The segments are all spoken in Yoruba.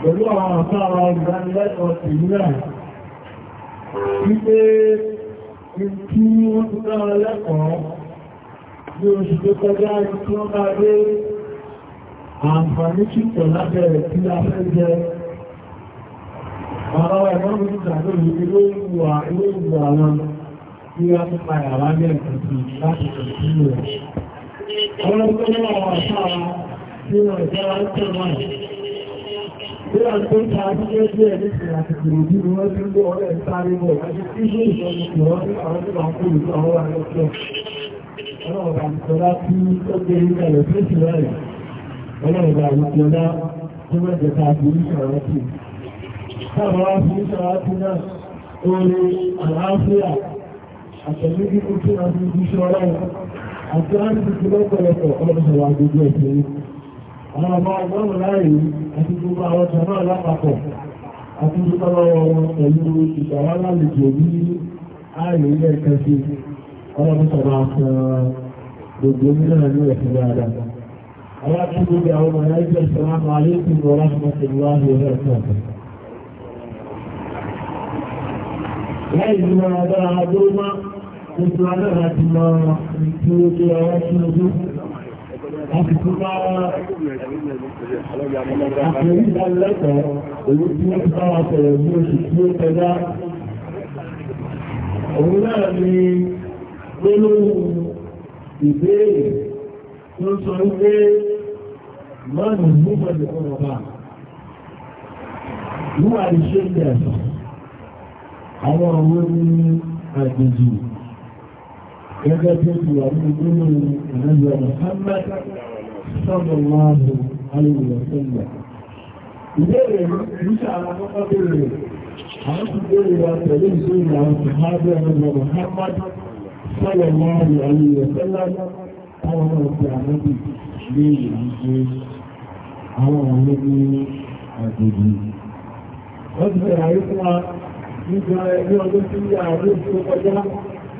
pẹ̀lú àwọn àfáà ìdánilẹ́kọ̀ọ́ ìlú náà wípé tí wọ́n lábẹ̀rẹ̀ tí a fẹ́ jẹ ọ̀rọ̀ ẹ̀wọ́n mú ìgbàgbé ìlú ilé ìlú àwọn tí a tún padà wá ní ẹ̀kùn sí láti tẹ̀sílẹ̀ nínú ìjẹ́ wa ń tẹ̀ wọ́n yìí. Bí a ń tó ń ta abúlé díẹ̀ ní ìsìn àti gbòòdì ni wọ́n ti àwọn ọmọ ọgbọ́n láàrin àti gbogbo àwọn jọmọ́ lápapọ̀ àti gbogbo wọn pẹ̀lú ìgbàwà lálejò ní ààrẹ ilé ẹ̀kẹ́ sí ọlọ́pù sọ̀rọ̀ àfihàn gbogbo nílẹ̀ ní ẹ̀sìn dáadáa àwọn àti gbogbo àwọn ọmọ ẹgbẹ́ ìsọ̀rọ̀ àlékún ọlá máa dára tí ó kí ọwọ́ sí ojú láti tó bá àpẹẹrí ìdánilẹ́kọ̀ọ́ èyí tí wọ́n ti bá wa sọ̀rọ̀ ní oṣù tí ó tẹ́lá òun náà ni gbólóhùn ìbéèrè tó ń sọ wípé mọ́nù nígbàdì ọ̀rọ̀ bá wúwà iṣẹ́ ìdẹ̀ àwọn òwe ní àjèjì gẹ́gẹ́ tó ti wà ní gbólóhùn ìrìnàjò Muhammad sọ́dọ̀ máa bò alùpùpù sẹ́lẹ̀. Ìbéèrè níṣà àkọ́kọ́ béèrè, àwọn ti béèrè wa pẹ̀lú ìbéèrè àwọn ìhádé ọmọ Muhammad sọ́dọ̀ máa bò àwọn ọmọ ọ̀pẹ ẹgbẹ́ ọdún tí àwọn ọdún tó kọjá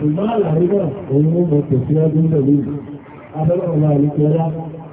ìgbà àlàyé náà òun ló mọ̀ tẹ̀síwájú pẹ̀lú abẹ́lẹ́ ọ̀la àlùkò ọlá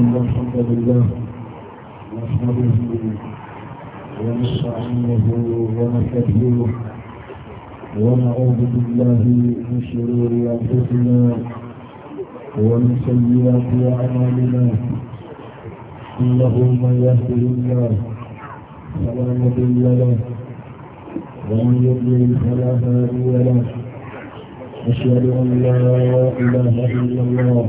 الحمد لله نحمده ونستعينه ونستهديه ونعوذ بالله من شرور أنفسنا ومن سيئات أعمالنا إنه من يهده الله فلا مضل له ومن يضلل فلا هادي له أشهد أن لا إله إلا الله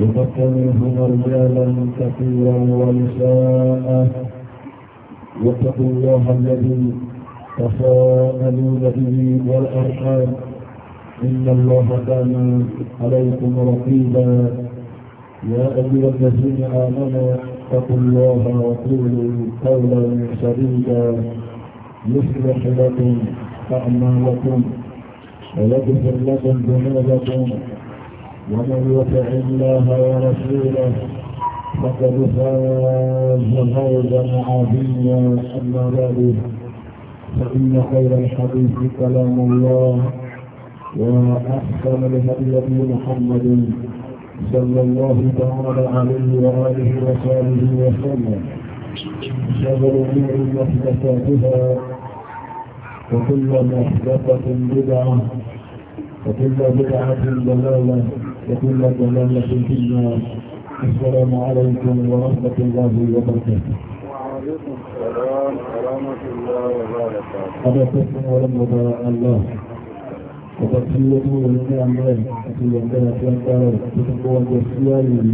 لبث منهما رجالا كثيرا ونساء واتقوا الله الذي تساءلون به والارحام ان الله كان عليكم رقيبا يا ايها الذين امنوا اتقوا الله وقولوا قولا سديدا يصلح لكم اعمالكم ويغفر لكم ذنوبكم ومن يطع الله ورسوله فقد فاز فوزا عظيما اما بعد فان خير الحديث كلام الله واحسن الهدي محمد صلى الله تعالى عليه واله وصحبه وسلم شر الامور محدثاتها وكل محدثه بدعه وكل بدعه ضلاله وكل ضلالة في النار السلام عليكم ورحمة الله وبركاته وعليكم السلام ورحمة الله وبركاته هذا تسلم ولم الله وتقييده للنعم في عندنا في أنكار تتقوى الجسيال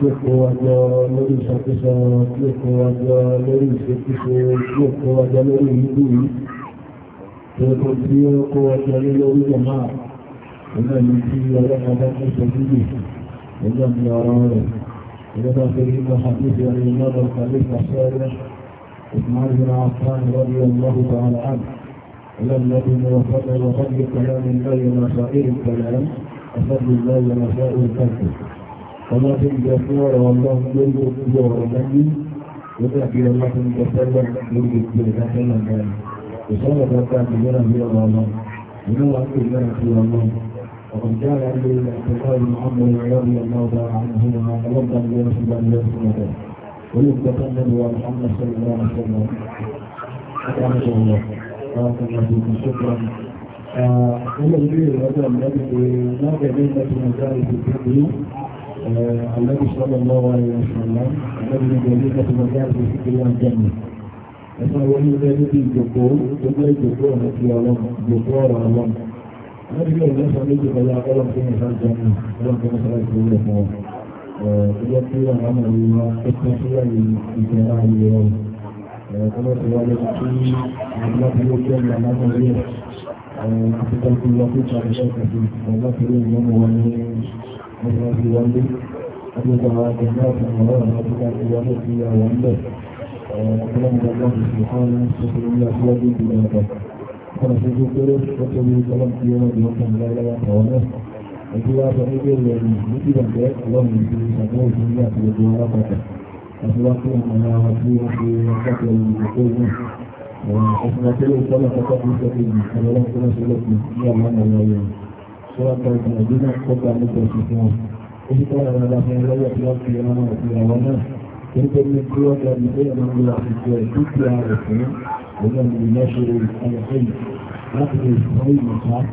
تقوى جالوري شاكسا تقوى جالوري شاكسا تقوى جالوري هدوي تقوى جالوري جماعة ọlọ́run tí ọlọ́run bá tó ṣojú lè ọlọ́run ní ọ̀rọ̀ rẹ̀ ìjọba torí mọ́ àdúgbò rẹ̀ lọ́dọ̀ kàlẹ́ ìgbàṣẹ́rẹ́ إسماعيل بن عفان رضي الله تعالى عنه إلى الذي وفق وفق كلام الله ومسائل الكلام أفضل الله ومسائل الكلام وما في الجسور والله يرجو الجور مني وتأتي الله تسلم يرجو الجور تسلم وصلى الله تعالى بنا في الله ونوع في الله وقد جاء عن الانتقال بن رضي الله تعالى عنهما وضع برسول الله سنته ويبتسم نبوى محمد صلى الله عليه وسلم أكرمك الله بارك الله فيكم شكرا آه، أنا يريد الرجل الذي لا يبين في مجال الفقه آه، الذي صلى الله عليه وسلم الذي يبين في مجال الفقه والجنه ẹ̀sán wọn ní ẹgbẹ́ níbi ìjòkó gbogbo ìjòkó ọ̀nà ti ọlọ́run Níbi ẹ̀rọ sọ méjì kọjá ọlọ́pẹ́ ní ìfàjẹ́ ní ọlọ́pẹ́ ní ìfàjẹ́ tó rẹ̀ fún ọjọ́ tí wọ́n máa rí wá ẹ̀kọ́ sí láyé ìfẹ́ láàyè ọ̀rọ̀. Ẹ̀kọ́ sí wáyé tí ọlọ́pẹ́ ó jẹ́ ìlànà náà rí ẹ̀. Àfikà tí wọ́n fi ṣàrí ṣẹ́kẹ̀ sí ọlọ́pẹ́ rí ìyọ́mọ̀ wọn ní ọjọ́ tí wọ́n lé. Àfikà tí wọ́n fi ọlọ́rọ̀ náà fi ṣàrí wọlé sí àwọn ilẹ̀. Ọlọ́pẹ́ ọ̀nà ṣoṣo péré ó tóbi ọlọ́run tí yóò di ọkàn láyéláyà àwọn náà ẹgbẹ́ wa sọ nígbè rẹ̀ ní níbi ìbàjẹ́ ọlọ́run ìlú ìṣàkóso ìlú ní àti gbogbo alápàtà àti wá fún àwọn ará wa tí wọ́n ṣe ọkọ̀ ìlú náà ọ̀sán akẹ́lẹ́ ìkọ́lá kọ́kọ́ fún sẹ́kẹ̀ ìlú ọlọ́run tó ń ṣe lọ́pọ̀ ní àwọn ọmọ ọmọ yẹn sọ́wọ́ kan ìgbà ìdí náà kọ́kọ́ àmúkọ̀ sí fún wọn ó sì kọ́ra rárá fún ẹlẹ́yà tí wọ́n fi ọmọ ìlú àwọn náà nítorí pé wọ́n gbàgbé pé ọmọ ìlú àti ìjọ ìdúkìá rẹ̀ fún ومن ينشر الخير نقل الخير صح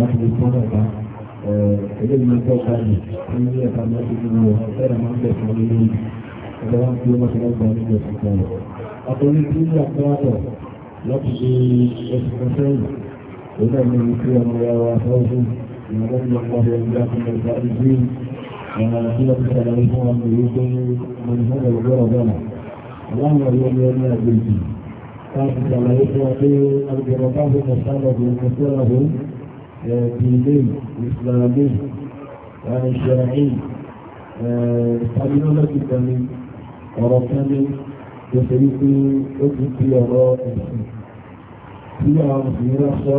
نقل الصدقة إلى المنطقة أن هي تعمل منه غير ما عندك عليه كلام في يوم الأربع عندك سلطان أقول في أقراته نقل الخير إذا من يكون يا وفوزه من الله يملاكم الفائزين ومناسبة السلامين ومن يكون من هذا الغرض اللهم يوم يوم يا láti ṣàlàyé fún wa pé agbègbè bá fún mọ̀sálọ̀bù mọ̀sálọ̀bù ẹ̀ẹ́dìlé ìsìlámì ìṣẹ̀rìn ìpàdínlọ́lọ́dì kan ní ọ̀rọ̀ kan ní gbèsè wípé ó ti fi ọ̀rọ̀ ẹ̀sìn bí àwọn mùsùlùmí rán sọ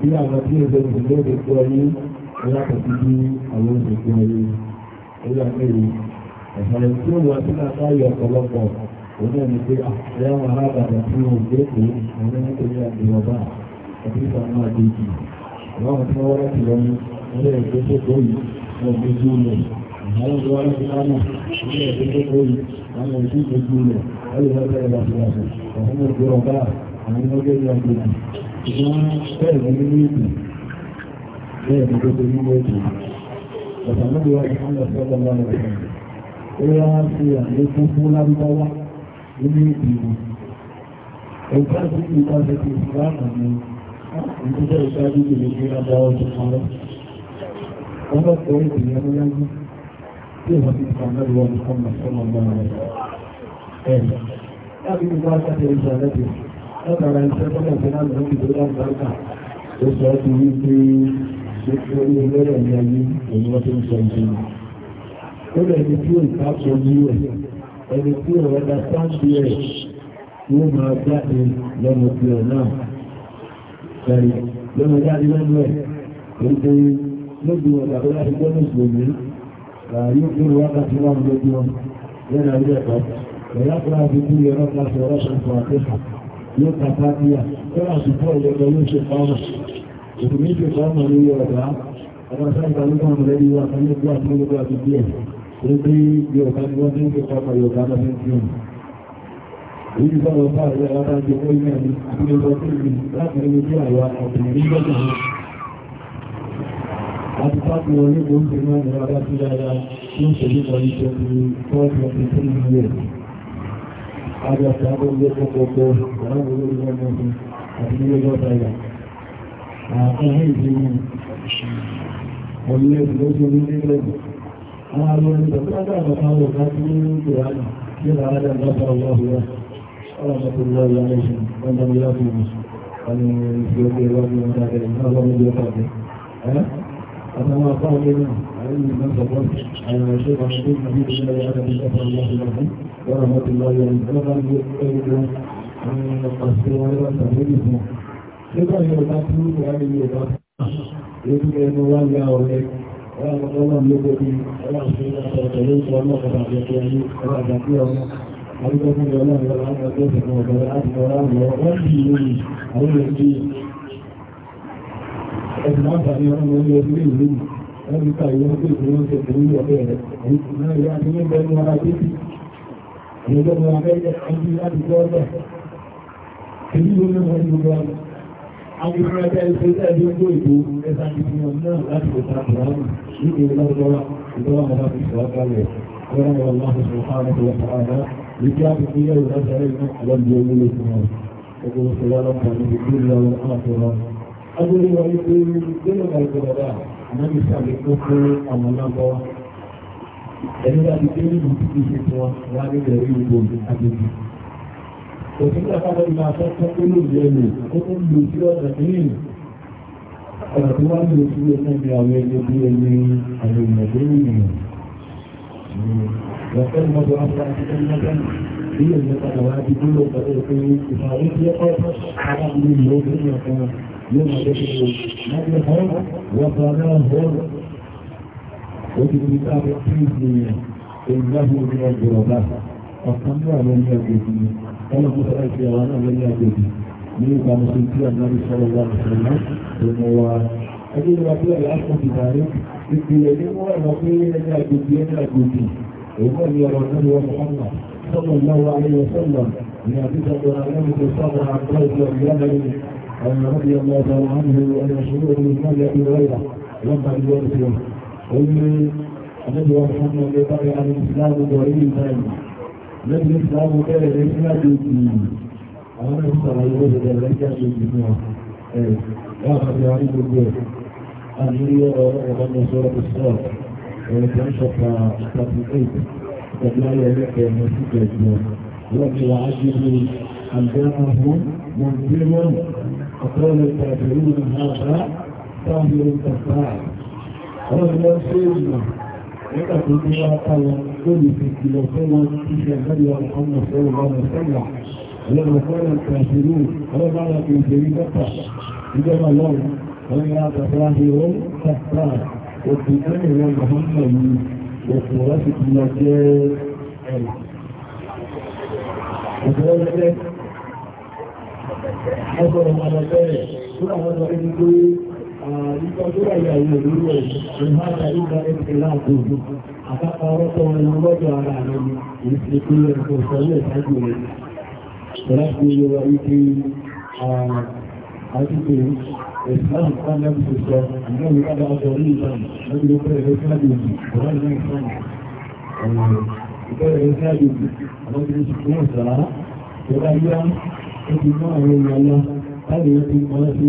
bí àwọn tí ó bẹ̀rẹ̀ ìlú èdè tó ọyé alákòókò bí àwọn òṣèlú ọyé orí àpẹẹrẹ ẹ̀sìn tí ó wà sí àkáyọ̀ ọ̀pọ̀lọpọ̀ òun náà ni pé àwọn arábàdà tí ó ń gbẹ́kọ̀ọ́ òun náà nítorí àdìrọ̀bà àti ìfàmà àdéjì àwọn tí wọ́n láti lọ ní ilé ẹ̀gbẹ́ tó tó yìí wọ́n gbé jù lọ àwọn tí wọ́n láti lánà ilé ẹ̀gbẹ́ tó tó yìí àwọn òbí gbé jù lọ wọ́n lè wọ́n bẹ̀rẹ̀ láti lọ́sọ̀ àwọn ọgbẹ́ ọba àwọn ọgbẹ́ ní agbègbè ṣùgbọ́n bẹ́ẹ̀ ní nínú ìlú bẹ́ẹ̀ ní gbogbo nínú ètò wọ́n ti ọ̀sán lọ́wọ́ ó yá sí fún lárúbáwá ní ìwò ẹ̀ka sí ìta ṣẹ̀kì ìsìláàmù ni ìtúṣẹ́ ìṣáájú ìlú ní ọjọ́ ọjọ́ ọjọ́ ọlọ́pọ̀ ìpìlẹ̀ ọlọ́lájú tí ìwọ̀n ti fà náà lọ́wọ́ nìkan mọ̀ sọ́mọ̀ mọ́ rẹ̀ ẹ̀rọ láti ní wá sáté ìṣàlẹ̀ tó látara iṣẹ́ tọ́lọ̀ tí náà lọ́wọ́ ìdó lágbàkà ó sọ ọ́ ti wí pé ṣe orí ẹlẹ́rẹ̀ ní ayé òun wọ́n tó ń sọ ìṣẹ́yìn ó lẹ́ni tí ó ìkápọ̀ ní ẹ̀yẹ́ ẹni tí ọ̀rọ̀ da sáńdì ẹ̀ yóò máa jáde lẹ́nu ti ẹ̀ náà ẹ̀rì lọ́nà jáde lẹ́nu ẹ̀ èdè lójú ọ̀dà tó láti gbọ́ ní ìgbòmí yóò fi wákàtí wà ní lójú wọn lẹ́nà ilé ẹ̀kọ́ ẹ̀yà tó láti bí ẹ̀rọ kíláàsì ọ̀rọ̀ ṣe ń fọ àtẹ́sà yóò ta pátíà tó láti fọ́ ìjọba yóò ṣe pamọ́ òkú méjì pamọ́ lórí ọ̀dà ọmọ sáyẹ̀ká ló kọ́ ọmọ Ibi Yorùbá ni wọ́n ní ìjọba ọmọ Yorùbá lọ ní June. Ibi sọ̀rọ̀ bá ẹ̀yà aláta jẹ ó ilẹ̀ ní ìpínlẹ̀ Bọ́sílì láti rí ojú àwa ọ̀pìnrin lọ́jọ́ náà. A ti pàtó wọn ní oúnjẹ náà ní ọba tí dára tí ó ṣe nípa iṣẹ́ ti twelve twenty three years. A jọ àti abọ́ ilé pọ̀pọ̀pọ̀ láwọn olórí wọn mọ́tò àti ilé ọjọ́ tàyà. Àwọn àwọn ìdọ̀kọ́dá àbàtàwò láti ní ìrànà nílà adam lábà wáhùwá ọlọ́mọkùnlọ́ ìyáyẹ̀ṣìn ọmọ ìyáfẹ́ ọmọ ìfẹ́ ìwádìí wọn dáadẹ́ ọlọ́mọ ìjọpàdé àtàwọn apá ọdún náà àárín ìgbà sọ̀pọ̀ àyàwó ṣe wà ní ìgbà ní ìgbà ní adam lábà wáhùwá ọlọ́mọkùnlọ́ ìyáyẹ̀ṣìn ọmọ ìfẹ́ ìwádìí wọn dáadẹ́ ọlọ́run ló gbé bí ọlọ́run ṣe ń sọ ìtẹ̀lé ìṣọ́ ọlọ́run àti ẹ̀kẹ́ ayé ọlọ́run àti ẹ̀kẹ́ ọmọ àríkọ́ fún ọlọ́run lọ́wọ́ láti ọjọ́ ìṣẹ̀kọ́ ọ̀dọ́ láti ọ̀rọ̀ àwọn ọ̀rọ̀ bí lórí àwọn èdè ẹ̀sìn àǹfààní ọmọ orí ẹbí rí ìlú wọ́n ti ta ìwọ́n tó ìṣòro ń ṣẹ̀kọ́ ní ọ̀bẹ rẹ̀ náà yá ti ní bẹ́ẹ̀ ní ara títí ẹ̀yẹ́dọ́gbọ̀n abẹ́jẹ́ ẹ̀jú láti gbọ́ ọ̀bẹ̀ èyí ló ní wọn ní gbogbo Àgbẹ̀rẹ̀ ẹgbẹ̀rẹ̀ ẹgbẹ̀rẹ̀ ìgbò ẹ̀sàn ìgbìyànjú náà láti ọ̀sán àpùránù ní ìrìnlẹ́ ọjọ́ ìjọba ọ̀dá ìṣẹ́ ọ̀gálẹ̀. ورحمه الله سبحانه وتعالى لكافه الأزهر المحلم يملكها يقول سلالة في الدنيا والآخرة أدري ويقول جنب القرباء من يسأل الكفر أم الله إذا أدري في الكفر لا يدري يقول أدري òtútà fábẹ́ ìgbà afẹ́fẹ́ tó lò yẹ lò ó tó lò sí ọ̀nà ìrìn ọ̀nà tó wá lò sí ẹgbẹ́ bí àwọn ẹgbẹ́ bí ẹni àwọn ènìyàn tó rí ìrìn lọ́pẹ́ mọ́tò afẹ́fẹ́ mọ́tò bí ẹni padà wá di bí ó pẹ̀lú pé ìfàwé tí ẹ̀kọ́ ara mi lò ó tó yẹ kan yóò máa jẹ́ wọ́n kò fẹ́ ṣe àwọn náà lórí agbègbè ní ìgbà mọ̀sán tí àwọn náà sọ̀rọ̀ wà lọ́sọ̀rọ̀ tó mọ̀ wá. ẹgbẹ́ ìwà bí ọ̀rẹ́ àpò ìdàrí ìpìlẹ̀ ní wọ́n rọ̀ pé ẹni agbègbè ẹni agbègbè èèmọ̀ ni ọ̀rọ̀ náà wọ́n mọ̀ ọ̀nà sọ́mọ̀ náà wà ní ọ̀sọ̀lọ̀ ní àbíjọba ọ̀rẹ́ mi sọ́mọ̀ àgbà ìjọ رضي الله تعالى عنه وأن شروع الإمام أبي هريرة لما يورثه قل لي النبي محمد يطلع عن الإسلام ضريبا lẹ́bí ìsìláàmù bẹ̀rẹ̀ rẹ̀ sí àjòjì àwọn ẹ̀sùn sàlàyé wọ́n bẹ̀rẹ̀ rẹ̀ sí àjòjì fún wọn ẹ̀ wọ́n àti àwọn gbogbo ẹ̀ àmúrí ọ̀rọ̀ ọ̀rọ̀ ní sọ́rọ̀ tó sọ́ọ̀ ẹ̀rọ tó ń ṣọ̀pá 38 pẹ̀lú ayé ẹlẹ́kẹ̀ẹ́ ní sí ìjẹ̀jọ́ lọ́bí wa ájúlé àgbẹ̀mọ̀hún mọ̀gbẹ́rún ọ̀pọ̀lọpọ̀ ìtàgbẹ̀rún náà bá táwọn ọ̀rọ̀ nígbà tó ní ọkọ̀ wọn lórí ìpìlọ̀ fún wọn tí ṣe ẹ̀gbẹ́rẹ̀ wọn kan mọ̀ sọ́rọ̀ wọn sọ́rọ̀ ọlọ́run fọ́rọ̀ kàṣírù ọlọ́bàrà kò ìṣèrí mẹ́ta ìjọba lọ́run ọlọ́run àtàkùrá ṣe ó kàtà òkú lẹ́yìn wọn mọ̀hánmà yìí òkú wọ́n sì ti lọ jẹ́ ẹ̀rọ ọ̀pọ̀lọpẹ́ ọgbọ̀rọ̀ mọ̀lọ́bẹ̀rẹ̀ tó àwọn ọmọ ẹni tó ìtọ́júwàyà ìlú ìlú ẹ̀ ìmáta ìgbà ẹ̀kẹ́ láàgbògbò àpapọ̀ ọ̀rọ̀tọ̀ ọmọ lọ́dọ̀ ara rẹ̀ ni ìsìnkú ẹ̀kọ́ sọ́lẹ̀ ìsájú rẹ̀ láti ilé wa wípé àtúntò ìsìláàmù kánẹ́bù ti sọ ìgbẹ́lú kábà ọjọ́ orí ìbáyìí lórí ló bẹ̀rẹ̀ ló sáájú ìbí ọ̀rọ̀ ìlú ìsáàmù ìbẹ̀rẹ̀ ló sáájú ìbí àwọn ti fi kún ìsàrá tó bá yá ó ti mú àwọn èèyàn lọ láti ó ti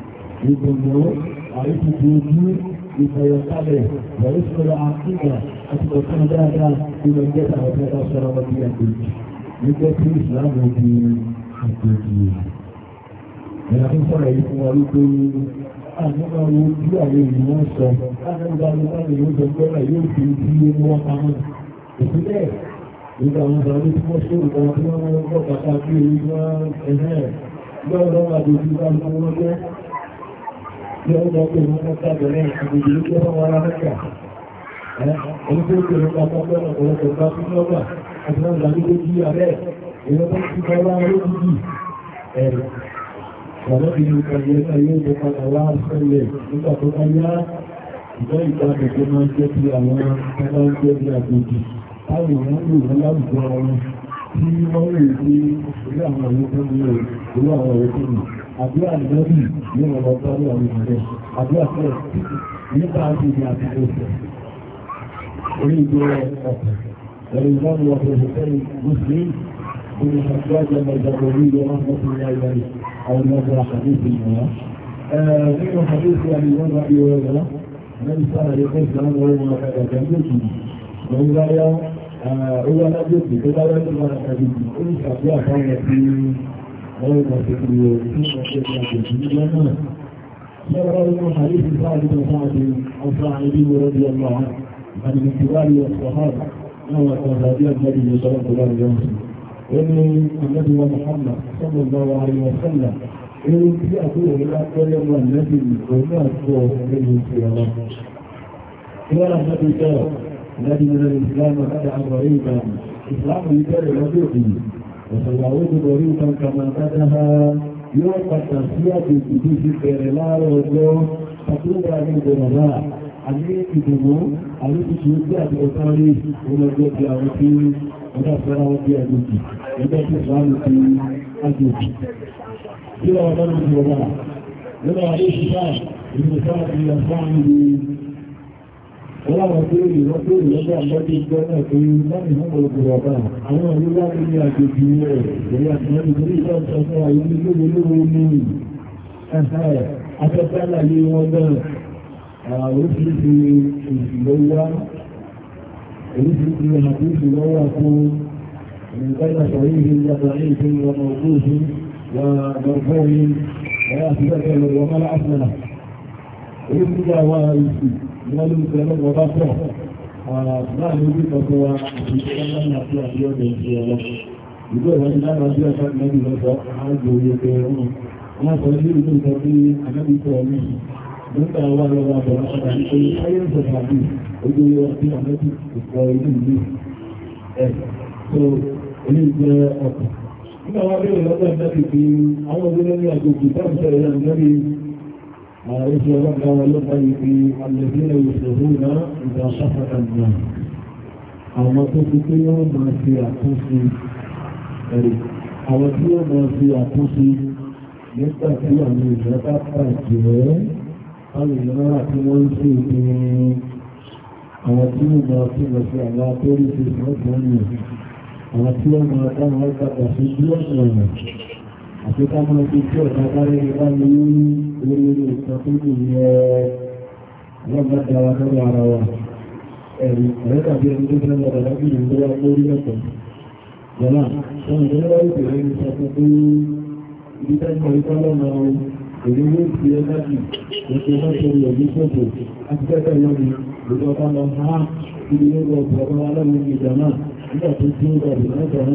ìgbòmò àìsìkò ojú ìfẹ̀yọ̀kálẹ̀ ìrẹ̀sọ̀rọ̀ àkíkà àti ọ̀sán dáadáa nínú ẹgbẹ́ àwọn ẹgbẹ́ sọ̀rọ̀ ọmọdé àgbègbè nígbà tí ìsìláàmù di àgbègbè ẹ̀yà tó sọ̀rọ̀ yìí fún wa wípé àgbẹ̀gbà wo bí àwọn ènìyàn sọ àgbẹ̀gbà wo báyìí ló sọ pé ọ̀rọ̀ yóò fi bí inú wọn pamọ́ ìpínlẹ̀ nígbà àwọn ọ̀rọ̀ gbọ́ يوم يكون هناك جميع حدودية ولا مكة Olúkúrúkúrú ọ̀pọ̀lọpọ̀ ọ̀pọ̀lọpọ̀ ọ̀pọ̀lọpọ̀ àtìlọ́gbà lórí jí ààrẹ ìrọ́pọ̀ ti kọ́lá olóògùn ẹ̀rọ. Ọ̀lọ́bìnrin ìkàlẹ̀ ayé ìjọpadà wá sẹ́lẹ̀ nígbà tó bá yá ìjọ ìgbàgbẹ̀ tó máa jẹ́ bí àwọn ẹgbẹ́ jẹ́ bí àgbègbè. Táwọn ìrọ́pọ̀ ìrọ́láwùjọ ọrùn tí wọ́n lè rí orí àwọn àwòkọ́ ní orí àwọn àwòkọ́ ní àbí àdínábì ní ọ̀rọ̀ ọ̀tọ́rọ̀ àwọn ìrìnlẹ̀ àbí àpọ̀ nípa àti ìrìn àti ìgbésẹ̀ orí ìgbé ọ̀pẹ̀ ẹ̀rọ ìlànà ọ̀pẹ̀ òṣèlú muslim orí àjọ́jọ́ ọjọ́ orí ìlú ọmọkùnrin ayẹyẹ àwọn ọmọ àkàdéṣe ìmọ̀lá nínú owó alájòkè tó bá lọ́dún máa tàbí jù ó ń ṣàbí àbáwọn tí wọ́n ń pàṣẹ kiri ọ̀rọ̀ tí wọ́n ṣe ní àjòjì nílẹ̀ náà. Ṣọ́rọ̀ inú àríṣì sáàdì tó sáàdì ọ̀fà ibi wo rọ́bì ọmọ wa àdìmí ti wá ní ọ̀sọ̀ hàn náà wà kan tàbí ọ̀gbẹ́ ìlú sọ́rọ̀ tó bá lọ́dún ọ̀sùn. Ó ní àmọ́dé wa Muhammad sọ́mọ̀ bá wa ayọ̀ sọ́là. Ewu tí àbúrò rẹ̀ lápẹ́rẹ́ ọmọ ìlẹ́bí òun náà tó ọ̀rẹ́ ìlú ìṣẹ̀lẹ̀. Ìwọ́n àmọ́dé sọ̀rọ̀ الذي من الإسلام بدأ غريبا إسلام يجري وجوده وسيعود غريبا كما بدها يوم التنسية بجيش الكريلا وجوه فتوبة من الغراء Àní ìdùnnú, àní ìṣe tí àti ọ̀tọ́rí olóògbé ti àwọn tí wọ́n dá fẹ́ra wọ́n bí ẹgbẹ̀jì, ẹgbẹ́ tí ìsìláàmù ti ágbèjì. Kí lọ́wọ́ bọ́lú ti wọ́n bá? Lọ́wọ́ àdé ìṣìṣà, ìrìnlẹ̀ sáà ti lọ sáà ń Ọlọ́run tó rí wọ́n tó rí lọ́gbà lọ́dún ìjọ náà pé lẹ́yìn mú ọgbọ̀n ọ̀bá àwọn ìlúwà ní àjòjì rẹ̀ ìrìn àtìmọ́lù tó rí ìjọ ìṣọ́fún àyè ní lórí lórí ní afẹ́fẹ́ àyè wọn wọ́n ló ń fẹ́ lọ́wọ́ bá pọ̀ láàrin orí ọkọ̀ wa àti ìṣẹ́lẹ́nà àti àbíọ́dẹ̀ ìṣẹ́ ẹ̀rọ ìgbé ìwọ́n lára bí ọ̀sá mẹ́rin lọ́sọ̀ àájò orí ẹgbẹ́ ọ̀run wọ́n sọ ilé ìlú nǹkan bí anábìtọ̀ ọ̀mí nígbà wà lọ́wọ́ àbọ̀rọ̀ padà ní pé ayé ń sọ̀rọ̀ àbí ojú ọtí àmẹ́bí ìkọ̀ ìlú ẹ̀ tó ilé ìgbẹ́ ọkọ̀ nígbà wà bí ọ̀lọ́gbọ̀n أرجو لك ولقي في الذين يصلون إذا صفت الناس àwọn tó ti pé yọ́ máa fi àtúnṣe ẹ̀rì àwọn tí yọ́ máa fi àtúnṣe nígbà tí àwọn ìjọ bá pàjẹ́ àwọn ìlànà tí wọ́n ń ṣe ìpínrin àwọn tí yọ́ máa fi lọ sí àwọn akórí ṣe ìfọ́gbọ́n àwọn tí yọ́ máa dá wọn gbàgbà sí bí ọ̀nà àti kámọ́ tí tí ọ̀dá bára ẹni bá ní orí orí ìtọ́ tó kù yẹ lọ́gbà dára lórí ara wa ẹ̀rù ọ̀rẹ́ tàbí ẹni tó fẹ́ lọ́dọ̀ lábí ìlú tó wá lórí ẹ̀kọ́ jọ̀lá wọn ìjọba wá ìpè rẹ̀ ní sọ pé ibi tá ìkọ̀ ikọ́ lọ́nà èdè yóò fi ẹ láti ètò wọn ṣe lè ní ṣòfò àti kẹ́kẹ́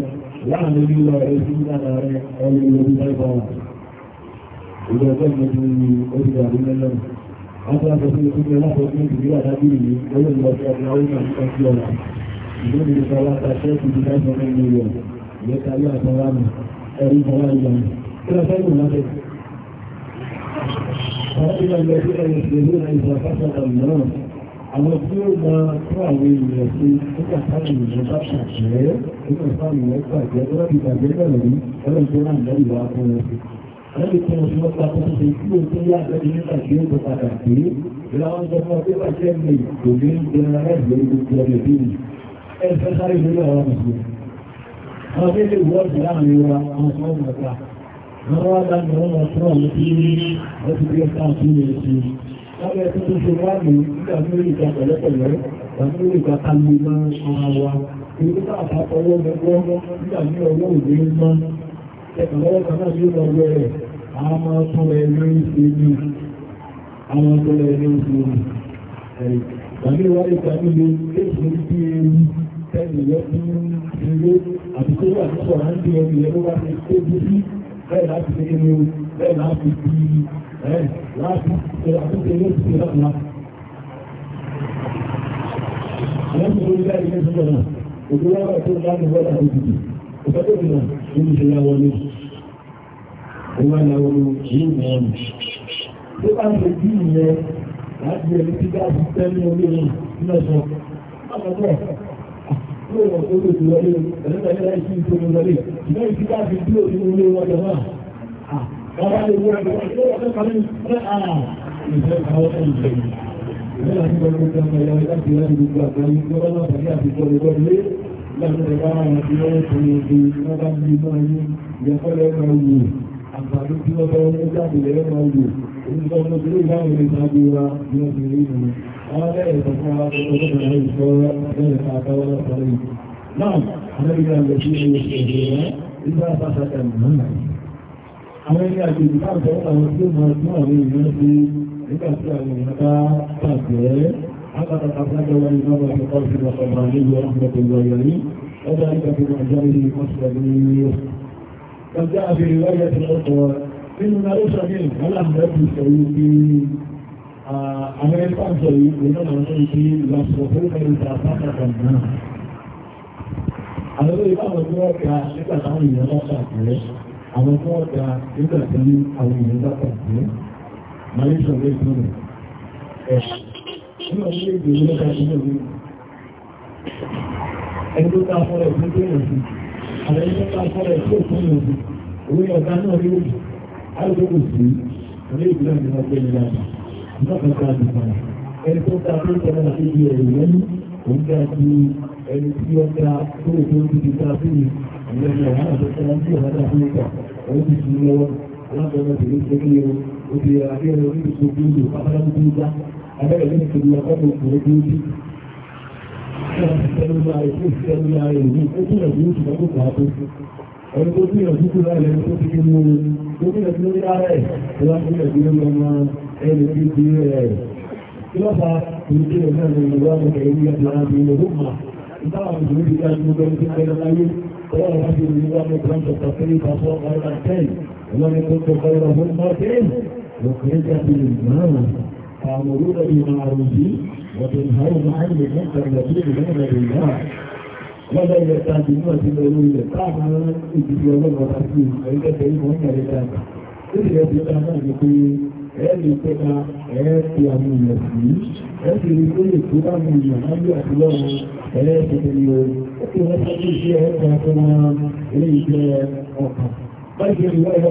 láàrin orí lọ ojú lára rẹ ẹni orí lẹ́gbọ̀n wà ìlú ọjọ́ ìmọ̀jú ní orí àrí lẹ́lọ́ wọ́n tó láti ọdún ìpínlẹ̀ láti ọdún ìpínlẹ̀ àdábìrì ní orí ìlọ́sí ọdún àwọn ìmọ̀ nípa sí ọ̀la ìlú ní ìfẹ́ láta ṣẹ́ẹ̀kì ní láti ọdún ìlú ìyẹ́ta ilé àtọ́rá mi ẹ̀rí ìfọ́lá ìlú kí lọ fẹ́ lù láti ọdún ìlú ẹ̀yìn ìṣèlú ẹ̀yìn ìṣàkóso àwọn tí ó máa fún àwọn ènìyàn tí nígbà táwọn ènìyàn bá ṣàṣẹ́ nígbà táwọn ènìyàn gbàgbẹ́ lọ́wọ́ ti gbàgbẹ́ bẹ̀rẹ̀ ní ọlọ́run tó náà lẹ́yìn wá fún wọn sí. lẹ́yìn tí wọ́n ti wọ́n pa tó ṣe kí o tó yá àgbẹ̀dẹ nígbà tí ó tó padà dé ìlànà ọjọ́ fún ọdún bá jẹ́ mi kò ní gbẹ̀rẹ̀ rẹ̀ lórí gbogbo ọdún bí mi. ẹ fẹ́ sáré lórí ọ̀rọ̀ mùsùlùmí. àwọn tí ilé ìwọ́ọ̀dì láàrin wa àwọn tí wọ́n mọ̀ lábẹ́ tó tó ṣe wá ní nígbà tó pẹ̀lẹ́pẹ̀lẹ́ tàbí rí ìjà kalẹ̀ máa wa èyí tó mẹ́gbọ́ nígbà ní ọwọ́ òde mọ́ ẹ̀kọ̀lọ́wọ́ kan náà lọ́wọ́ rẹ̀ a máa rẹ̀ a máa tó rẹ̀ ní ìṣe ní tó wà ní sọ̀rọ̀ ń bẹ́ẹ̀ láti ṣe kí ni o bẹ́ẹ̀ láti fi ẹ̀ láti ṣe àtúnṣe ilé ìṣẹ́ láti lá. Àwọn ìṣòro ilé ilé ìṣẹ́ náà, òkú wá wà tó ń dánu wọ́n láti dìbò. Òkú tó dìbò ní ìṣe ya wọlé. Ìwà ya wọlé yìí ní ẹnu. Bí wọ́n ṣe bí ìyẹn láti ẹni tí dáàbò tẹ́lẹ̀ orí rẹ̀ nílẹ̀ sọ. Má yóò wọ̀ tó tó lọ lé ẹ̀lẹ́ta ilé láì sí ìṣòro lọ lé fi dúró nínú ilé wọn jọ náà lè wọ ẹ̀kọ́ tó wọ́n fẹ́ kàlẹ́ ní àà ìfẹ́ àwọn ìfẹ́ yìí ìfẹ́ àti ìfẹ́ gbogbo ọmọ ìyá ìfẹ́ àti gbogbo àgbáyé gbọ́dọ̀ náà tàbí àti ìfẹ́ gbogbo ilé láti ẹ̀ka àwọn àti ìfẹ́ tó yẹ kí wọ́n bá ń bí mọ́ ẹni ìyẹ́kọ́lẹ́ ẹ̀ka wù àǹfààní tí wọ́n bá wọ́n jáde lẹ́yìn máa lò nígbà wọn tó lè láwọn ilé ìsáájú wa ní wọ́n ti rí nù àwọn lẹ́yìn tó fún wa tó tó bẹ̀rẹ̀ lórí ìṣọ́ lẹ́yìn tá a bá wọ́n lọ́pọ̀ lẹ́yìn náà àmẹ́ríkà lè fi ẹ̀yẹ ṣẹ̀dẹ̀ rẹ̀ nígbà bá sàkà nìyàn àwọn ilé àjèjì bá bẹ̀rẹ̀ àwọn tí ó máa tún àwọn èèyàn sí nígbà tí àwọn èèyàn bá bàjẹ́ عقد أخرج والإمام أبي طلحة الصبراني رحمة الله عليه وذلك في معجمه مسلمين فجاء في رواية الأخرى إننا أشعر ولم يبدو سيدي أمريكا سيدي ولم يبدو لصفوك لتعطاك الناس Àwọn ìbáwọn tí wọ́n ga nígbà táwọn èèyàn bá ṣàkúrẹ́, àwọn tí wọ́n ga nígbà tí àwọn èèyàn bá ṣàkúrẹ́, máa ń ṣọ̀rọ̀ ìgbìmọ̀. Ẹ̀ nínú ilé ìgbìmọ̀ lọ́ta ìgbìmọ̀ ẹgbẹ́ tó ta fọ́rẹ̀ tó tó yẹ̀ àwọn ẹni nípa sọ́rọ̀ tí ó fún ìlú owó ọ̀gá náà rí òjò alùpùpù sí orí ìgbìlẹ̀ ìgbìmọ̀ pé ní láti ìgbàkan ká ti fara ẹni tó ta tó tẹ̀lé àti ibi ẹ̀rù lẹ́nu òun dá ju ẹni tí ó ta tó lè tó ti ta sí ìlú ẹni ọ̀hánà tó tẹ̀lé sí ọ̀hánà tó lè ta òun ti fi Ẹni tó bí ọdún tó láìlẹ̀ tó fi kí mú tó bí ọdún lórí ara ẹ̀ tó wá fún ẹ̀bí ló mọ́ ẹni tí ó bí rẹ̀. Kí lọ́pàá tó kí ẹ̀mí ẹ̀mí ìwọ́n ọmọ ẹ̀rí ẹ̀mí ara bí ilẹ̀ ó máa. Ìtàwọn ìdúró ti ká ní ọdún tó fẹ́ láyé قال رجل يوم كنت تقريب فوق الركعتين ولم كنت وتنهون عن المنكر الذين من الله ولا يستعجلون في الأولوية طبعا إذا يولوا الرسول فإذا كريم هم لتابع إذا يتابع يقول ẹ̀ẹ́dì pẹ́ta pé ìtura mi ìyàmájú àti ti wọ́n sí ẹ̀ẹ́dì àti rí wáyé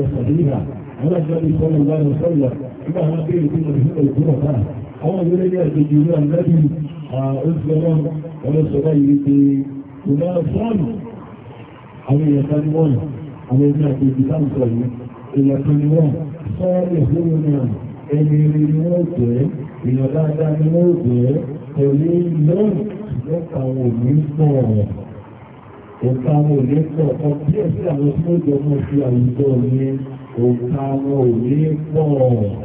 ọ̀sẹ̀ ẹ̀ẹ́dì ayé nígbà wọn bèèrè tí mo ní sílẹ̀ ìgbìmọ̀ náà àwọn ìwéré ní ẹ̀kejì ní àmì oṣù ọlọ́run ọlọ́sọ̀rọ̀ yìí ti kò náà fọ́ọ̀nù àwọn èèyàn kan ní wọ́n àwọn ẹgbẹ́ àkejì táwọn sọ yìí èèyàn kan ní wọ́n sọ́ọ̀rọ̀ ìfowó náà ẹni rí ni wọ́n jẹ́ èèyàn dáadáa ni wọ́n jẹ́ pẹ̀lú lọ́rùn lọ́pàá àwọn òní pọ̀ pọ̀ ọ̀ díẹ̀ sí àwọn tí ó jọ mọ́ sí àwùjọ ní òǹkà àwọn òní pọ̀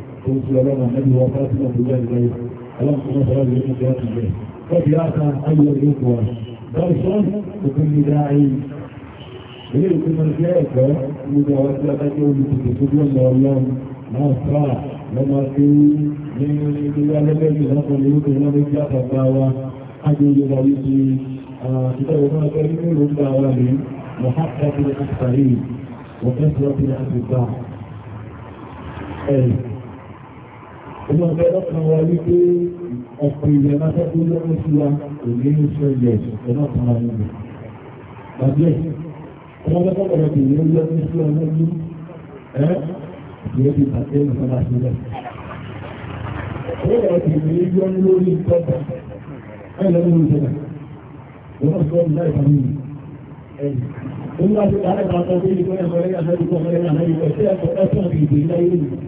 oṣù ọlọ́run àmẹ́bí wọn fásitì náà lórí ẹgbẹ́ ọlọ́run tó ń sọ̀rọ̀ lórí ẹgbẹ́ ọ̀tún rẹ̀ fọ́bí áta ayé ọdún kọ̀ bọ́ọ̀lù sọ́ọ̀n òkú ní dá ayé ilé ìlú tó ń jẹ́ ẹ̀kọ́ nígbà wọn tí adájọ́ olùdíje tó gbọ́n lọ ọlọ́run náà fà lọ́mọ tí ní ilé alẹ́lẹ́gbẹ̀ lọ́kọ̀ ní orúkọ wọn ọmọ ọ̀fẹ́ lọ́kàn wa wípé ọ̀pọ̀ ilẹ̀ lásán tó lọ́wọ́ sí wa kò ní ní sọ ilẹ̀ ìṣẹ̀fẹ́ náà kan wọn lò. Bàbá ẹ̀ ọmọ ọ̀fẹ́ kọ̀ọ̀rọ̀ kì í lọ́wọ́ sí sí ọmọ ní ẹ́ ìyẹ́ ti bàtẹ́ ìfọ́nà sílẹ̀. Ó rẹ̀ kì í yọ lórí ìtọ́ta ẹ̀ lọ́wọ́ ìṣẹ̀lẹ̀. Wọ́n sọ ọ́ láì fàmì Nígbà tí a rẹ̀ bá sọ pé ìgbẹ́ ẹ̀mọ́ rẹ̀ yà lẹ́yìn ọ̀rẹ́ yà lẹ́yìn ọ̀rẹ́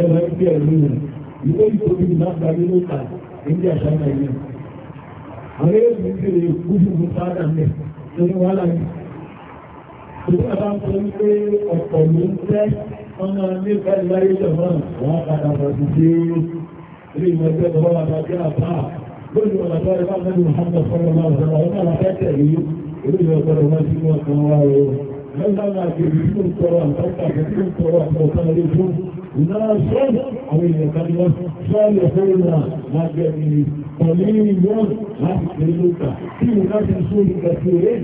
ẹ̀rọ ń bẹ̀rẹ̀ lónìí ìwé ìtòrí ìlàgbà nínú ìta ìdí àṣà nàìjíríà àwọn èèyàn ń bèrè kúrú ní sáádà mẹ́ lórí wàhálà yìí tòun àbá sọ wípé ọ̀pọ̀ ló ń tẹ́ ọmọ nípa ìláyé ìjọba wọn padà bọ̀ sí dé ilé ìmọ̀jẹ́ bàbá wa bàbá àbá lórí wọn àbá rẹ̀ bá mẹ́rin Muhammad sọ́rọ̀ máa sọ̀rọ̀ wọn máa fẹ́ tẹ̀lé ilé ìjọba wọn sí wọn kan wá o lọ́nà àgbèrè tí ó ń tọrọ àtọ́kà àti tí ó ń tọrọ àtọ́kà lójú náà ṣe àwọn èèyàn kan lọ sọ́ọ̀lẹ̀ fóònà lágbẹ̀mí pẹ̀lú ìwọ̀n láti pè lókà tí mo láti ṣe ìgbà tí ó rẹ̀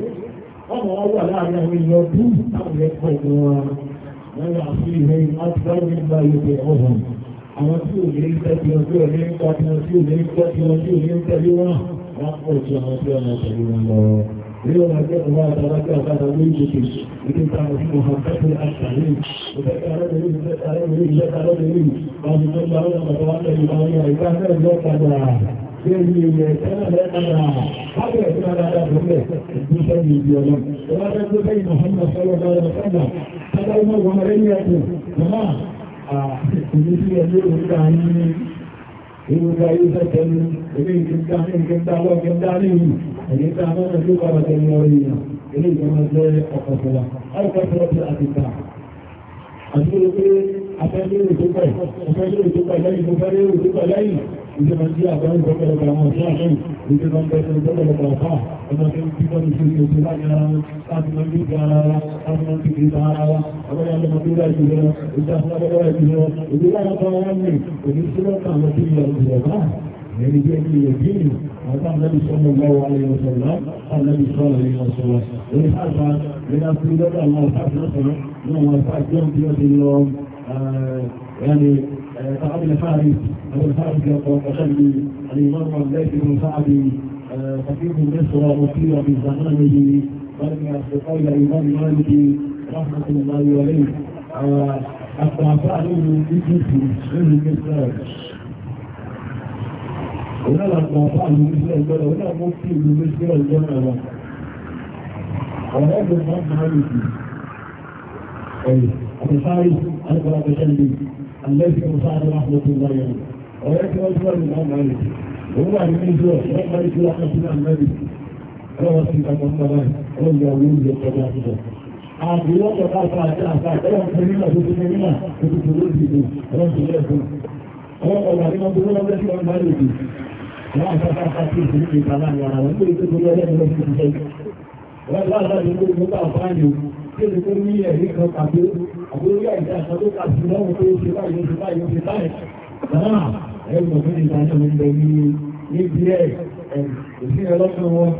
ọmọ wọn wà láàrin àwọn èèyàn bú táwọn ẹ̀kọ́ ìgbọ̀n wa lọ́wọ́ àti اليوم أجل الله تبارك وتعالى من جسد لكن تعرفين محبته الأكثرين وذلك على دليل ذلك على دليل ذلك على دليل بعض الناس على متوالى الإمامية إذا كان ذلك على Ìjọba ìrúgbà àti pé afẹ́lérò tó pẹ̀ afẹ́lérò tó pẹ̀ lẹ́yìn afẹ́lérò tó pẹ̀ lẹ́yìn ìjọba tí àbẹ́rẹ́ ìgbọ́kẹ̀lẹ̀kẹ̀ àwọn ọ̀ṣọ́ àṣẹ́yìn ìjọba ń bẹ̀rẹ̀ ìgbọ́kẹ̀lẹ̀kẹ̀ àfà ọmọ tó ń bí bọ́ọ̀lù sí oṣù láàrin ara wọn láti máa ń bí ìgbà ara wa láti máa ń bí ìgbà ara wa ọgbẹ́ yàtọ̀ máa ń bí ìgbà ìjùlọ ìjà fún ọgbẹ́ yàtọ̀ ìjùlọ òbí wọn ní òní sí lọ́kàn àwọn tí ìyà ìjùlọ náà ẹni jẹ́ ní ẹ̀dínì àti àmì sọ́nà lọ́wọ́ ayélujára àmì sọ́nà ìyàsọ́nà èyí sábà nínú من نعم، يوم في وجه اليوم آه، يعني فقبل آه، فارس أبو الفارس يقول وقشلي مرة ليس آه، من سعد فكيف مصر وفي في زمانه ومن أصدقاء الإمام مالك رحمة الله عليه حتى فعله بجسم من الإسلام ولا لما فعله مثل الجنة ولا ممكن مثل الجنة ولا أبو مثل الجنة البخاري أكبر بشلبي الذي مصعد رحمة الله عليه ولكن أجمل من أم عليه هو من زوج يقبل في وقتنا النبي روى سيدنا محمد قل يا ولد القداسة àbúrò ọ̀pá àtàrà àtàrà ìrìnà tó ti mẹ́rìnà tó ti tòrò ìdìbò ọ̀rọ̀ tó lẹ́kùn ọ̀rọ̀ ọ̀gbà nínú tó lọ́wọ́ lẹ́sí ọ̀gbà lòdì wọ́n àtàrà àti ìṣẹ̀lẹ̀ ìgbàlá àwọn àwọn tó ti tòrò ẹlẹ́gbẹ̀rẹ̀ kéde tó ní ẹ̀rí kan tàbí àbúrúgbà ìjà ìṣọ́ tó kàtí lọ́wọ́ tó ṣe báyìí ṣe báyìí ṣe báyìí náà ẹgbẹ̀rún tó ní ìdájọ́ ní ilẹ̀ ní níbi ẹ̀ òsì ẹlọ́sìn wọn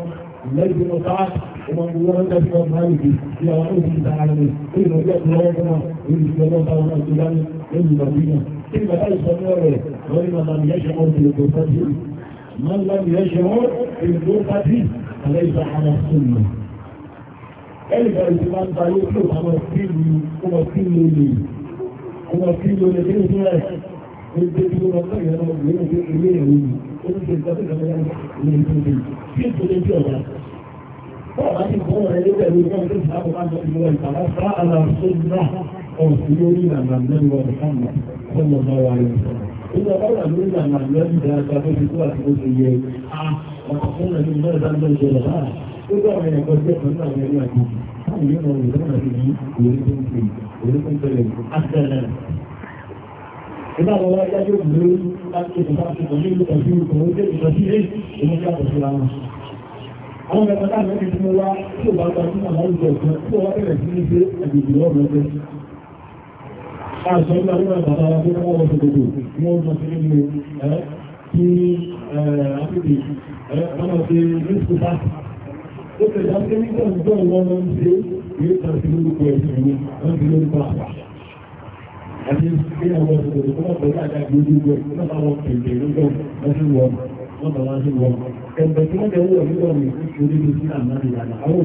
lẹ́gbẹ̀ẹ́ lọ sáà ọmọ ìlú wọn tẹ́sí wọn bá yìí sí àwọn tó ti dára ní ìlú ọjọ́ tó lọ́wọ́ fún wọn lórí ìṣẹ́ lọ́wọ́ táwọn náà ti dání lórí ìlú ọdún kí ni bàbá ìṣọ́ ní ọ̀rẹ́ lórí màmá mi yẹ́ṣẹ́ wọn ti lè tó sọ́jú màmá mi yẹ́ṣẹ́ wọn tó sájú àlẹ́ ìṣọ́ àwọn sùn ẹnìgbà ìṣẹ́ máa ń ta ní kí ọmọ sílù ọmọ sílù lè ọmọ sílù lè kí ní sí rẹ̀ ní ṣe tí ó lọ sí ìyẹn ọmọ ìwé ní ilé ìwé yìí ó ti ṣe ìgbàsí ìgbàsí ìgbàsí ìgbàsí ìgbàsí ìgbàsí ìgbàsí ìgbàsí ìgbàsí Bọ́ọ̀lá ti kọ́ ọ̀rẹ́ lébẹ̀ ní ọjọ́ ìṣẹ́ àwọn máa ń lọ ìwọ̀n ìtàlá sáà àlàáfíà náà ọ̀sùn lórí ìlànà lẹ́nu bá wà ní ìlànà lẹ́nu ìdájọ́ tó ti tó àti ó ti yẹ ó dá àwọn ẹ̀kọ́ sí ẹ̀kọ́ náà ẹ̀rí àjèjì láì yóò máa wò lọ́nà sí ní orí tó ń pè orí tó ń tẹ̀lé àtẹ̀lẹ̀. àwọn ọlọ́wọ́ ajá yóò gbé láti ètò bá ní ìlú pẹ̀lú ìkọ̀ ó jẹ́ ìjọ sí Àwọn ẹ̀kọ́ tá àmọ́ ti mú wá tí ò bá gba sí àwọn àwùjọ kan tí ó wá bẹ̀rẹ̀ sí ní ṣe àgbègbè ọ̀rọ̀ ẹgbẹ́. Àṣọ ìgbà nígbà bàbá wa tó kọ́ wọ́n ti gbogbo ní wọ́n mọ̀ ó tẹ̀lé akẹ́kẹ́ ìjọ ìwọ̀n lọ ń ṣe ìwé kan sí lórúkọ ẹ̀sìn mi wọ́n ti lórúkọ àpá àti ìyàwó ẹ̀sìn tó wọ́n pẹ̀lú àdájú ojú ìwé lọ́pàá wọn kèké lójọ ẹ̀sìn wọn lọ́pàá wọn sí wọn ẹ̀bẹ̀ tí wọ́n tẹ̀lé wọ̀ nígbà mi orí mi sí àmà ìlànà àwọn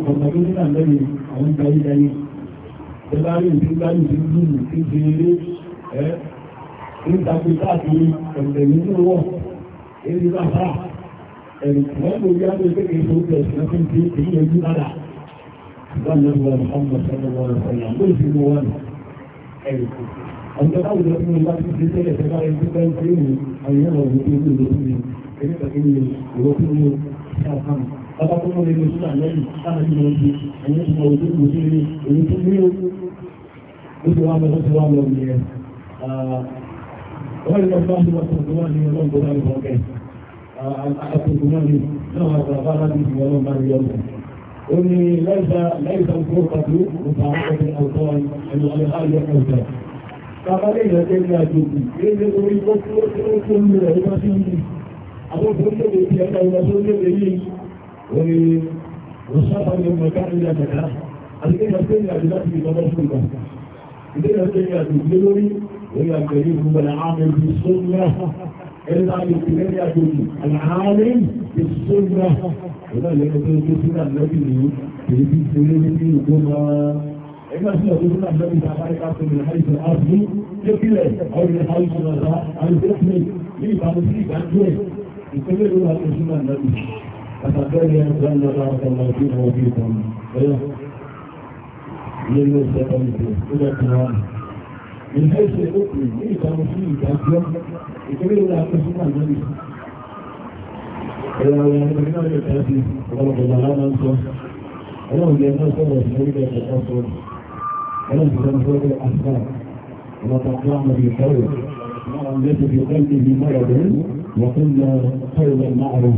ìkọ̀ọ̀mà tó ní àmà ẹ̀rù wọ́n kò rí àpò ìpé kìí tó tẹ̀sí náà fún ti èyí ojú lára wọ́n lọ́wọ́ wọn ọmọ sọ́dọ̀ wọn ọ̀sọ̀yà ló sì mú wọn ẹ̀rù àwọn tó báwo lọ́wọ́ wọn bá ti ṣe tẹ́lẹ̀ tẹ́lá ẹni tó bá ń ṣe èmi àwọn yẹn lọ́wọ́ tó ń lò fún mi èmi kàkí ni ìwọ fún mi ṣáàkàn bàbá tó mọ̀ nínú sílà lẹ́yìn sáà ní ọjọ́ ẹ̀yẹ́ tó mọ̀ ojú kò sí ní èyí tó ní ojú ó ti wá lọ sí wá lọ nìyẹn. wọ́n lọ bá ń lọ sọ̀rọ̀ wá ní ọlọ́gbọ̀n àtẹ̀kùnmọ́ni náà àgbàbá láti ìwọ̀ náà bá yọ lọ. ó ní láìsà ìfowó pàtó òta ọ̀pẹ̀ ọ̀tọ́ ẹ̀lú àyọ̀ ọ̀tọ̀. kábàlẹ̀ ìrẹsẹ̀ ní àjòkù léde orí tó tó ń lọ ẹ̀rọ sí ní àwọn tó léde ti ẹ̀ka ìwà tó léde yìí orí òṣàpá ní ọmọ ẹ̀ka ìlà mẹ́ta àti kéèyàn tó ní àjò láti ìjọba fún ìgbà ìdíyàn tó ní àjòkù lórí orí àgbẹ̀rí ìfúnbẹ̀lẹ̀ ẹ̀rọ ìpínlẹ̀ ní àjòjì àlàárín ìṣẹ́gbà ẹ̀rọ ìlẹ́gbẹ̀ẹ́ tó tó sílẹ̀ lọ́bì ní èyí tí ó lé ní ìgbó máa ẹgbẹ́ sílẹ̀ tó sílẹ̀ lọ́bì ní àbáríkà tó ní àìsàn àbú tó kílẹ̀ ọ̀rẹ́ àìsàn àbá àìsẹ́sìn ní ìbámu sí ìdájọ́ ìpínlẹ̀ ìhẹ́sẹ̀ òkè ní ìtàwọn sí ìdájọ́ ìkéré ìlú àkọsí náà lórí ẹ̀rọ àwọn ọmọdé náà yóò tẹ́sí ọ̀pọ̀lọpọ̀ bàbá máa ń sọ ọlọ́run jẹ́ náà sọ̀rọ̀ sí orílẹ̀ èdè kan sọ ọlọ́run jẹ́ náà sọ̀rọ̀ àṣà ọlọ́pàá tó àmọ́ bí sọ̀rọ̀ náà ń lẹ́sẹ̀ bí ọ̀pẹ́ ìdí mọ́ra rẹ̀ wọ́n tún lọ sọ̀rọ̀ náà rẹ̀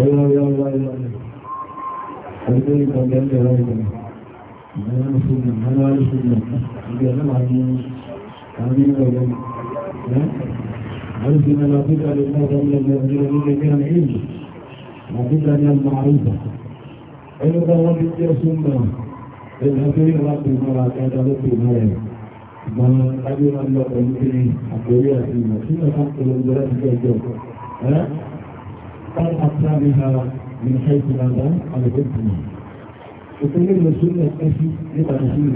ẹ̀rọ àwọn ọmọdé náà yóò tẹ́sí عرفنا لا بد للمرضى من المجرمين من العلم لا بد من المعرفة أيضا وجدت سنة الأخير رب المراكات رب المراكات ما أجر أن يقومني الدنيا فيما ثم تنقل البلاد إلى الجو قد أقسامها من حيث ماذا؟ الفتنة òfin ìlú tó ní ẹ̀kẹ́ sí nípa sí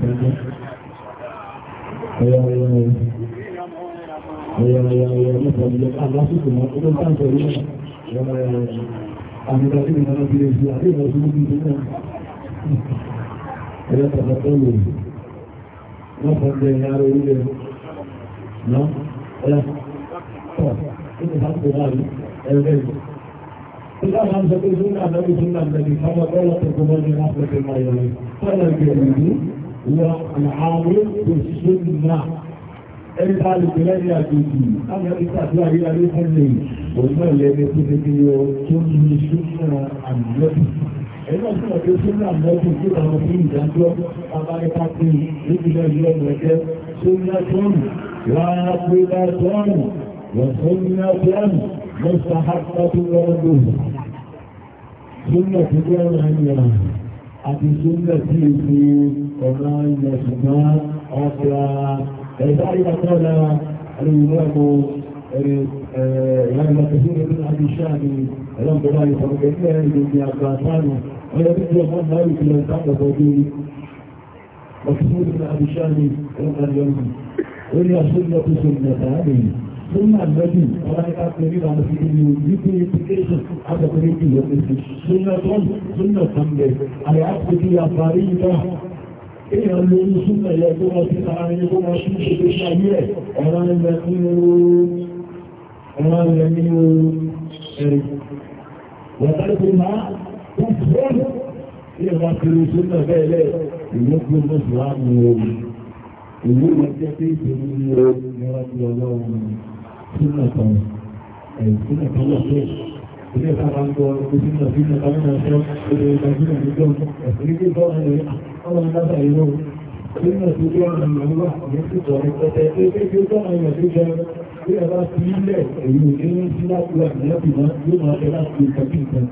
ìdájọ́. Ọ̀yọ̀ Ìjọba ń sọ pé Júnà àbẹ́bí Júnà àbẹ́bí ọmọ bẹ́ẹ̀ tó gbogbo ní láti máa yọrí. Fọ́nà ìgbèrè yìí wọ àmì òṣìṣẹ́ ìgbà. Ẹni bá lè pè lẹ́yìn àjòjì, àwọn ẹni tàbí àríyá ló fẹ́ lè òun náà lẹ́ni tó ti fi yọ tó ní Júnà àbẹ́bí. Ẹni náà sọ̀rọ̀ pé Júnà àbẹ́bí tó àwọn fún ìdájọ́ abáyẹ́ká pé nípìnlẹ̀ ìlú ọ̀gbọ̀n jẹ́ Júnà Tọ́nù, Láàpẹ́ Tọ́nù, Wọ̀sọ́nà Tọ́nù. يستحق بيده سنة جامعية àti súnlẹ̀ tí ó fi ọ̀nà ilẹ̀ ṣùgbọ́n ọ̀pẹ́ ẹ̀dá ìyàtọ́lá alìyìnlẹ́gbò ìlànà ìlànà ní àdíṣà ní ẹ̀lọ́gbọ̀lá ìfọ̀gbẹ̀ ní ẹ̀rìn ìgbìyànjú àgbàtánù ọ̀yẹ́ bí i ọmọ náà ìpìlẹ̀ ìtàkọ̀tọ̀ bí i ọ̀pẹ́ sunna nabi ọlọ́nìká pé rí ra fi ní wípé application agbẹ̀kọ̀rẹ́ kí lọ pèsè sunna tọ́n sunna tọ́mbẹ̀ àyà àpèkí àfàrí ìgbà èèyàn lórí sínú kan ẹ̀yìn sínú kan wà pé ilé ìta bá ń gbọ́ ọdún sínú sínú kan náà sọ ilé ìta sínú ní gbọ́ ẹ̀sìn ní gbọ́ ẹ̀rẹ́ ọmọ ìdáta ìlú sínú sí gbọ́ ọ̀rọ̀ ìlú wà ní síkọ̀ ní pẹ̀tẹ́ pé pé kí ó gbọ́ ọ̀rọ̀ ìlú jẹ bí ẹ bá fi ilẹ̀ èyí ò ní ní sí láti wà ní láti máa yóò máa fẹ́ láti ìta bí nǹkan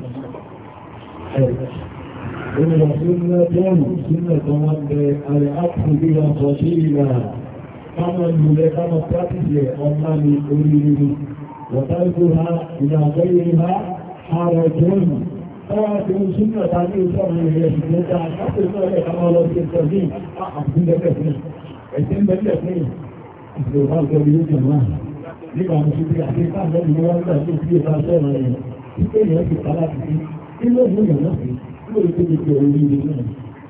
Olùwàsí ní ọjọ́ ìrìn sínú ẹ̀tọ́ wọn bẹ àrẹ ápùlù bí wọn sọ sí ìlà kámọ̀ lulẹ̀ kámọ̀ pàtìsì ẹ̀ ọmọ mi oríire wọ̀tálùkù ha ìdàgbẹ́ yìí ha ààrẹ jẹ́rù tọ́wọ́ ní ìṣọ́ mi rẹ̀ ṣùgbọ́n ní àkúndẹ́kẹ̀ fún ẹ̀sìn ìṣòro bá gbọ́ ilé nígbà mo ti àti káàkiri ni wọ́n tí kéèyàn ti pa láti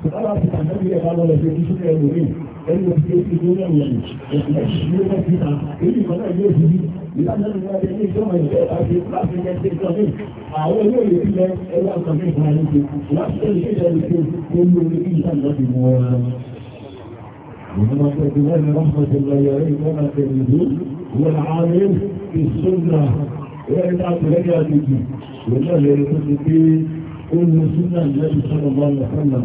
Ìjọba ti tàbí ẹgbẹ́ ẹ̀bá lọ́lọ́ ṣe ojú sílẹ̀ lórí ẹni ojú tó ti lórí ẹ̀yìn ẹ̀yìn ẹ̀sìn ẹ̀sìn ló fẹ́ síta. Èyí kan náà yóò dúdú. Ìlànà ìwé ẹgbẹ́ ilé ìjọba ìjọba láti láti ilẹ̀ ṣe ìjọ mi. Àwọn ilé ìwé ilẹ̀ ẹgbẹ́ ọ̀sán mi fún ayé ṣe. Láti ilé ìjọba ìjọba tó ń lo orí kí ìjọba ìjọba ti mú wọn. ومن تدوان رحمة الله يريد وما تريدون والعامل في السنة وإن أطلق يأتيكي والله يريد أن يكون كل سنة النبي صلى الله عليه وسلم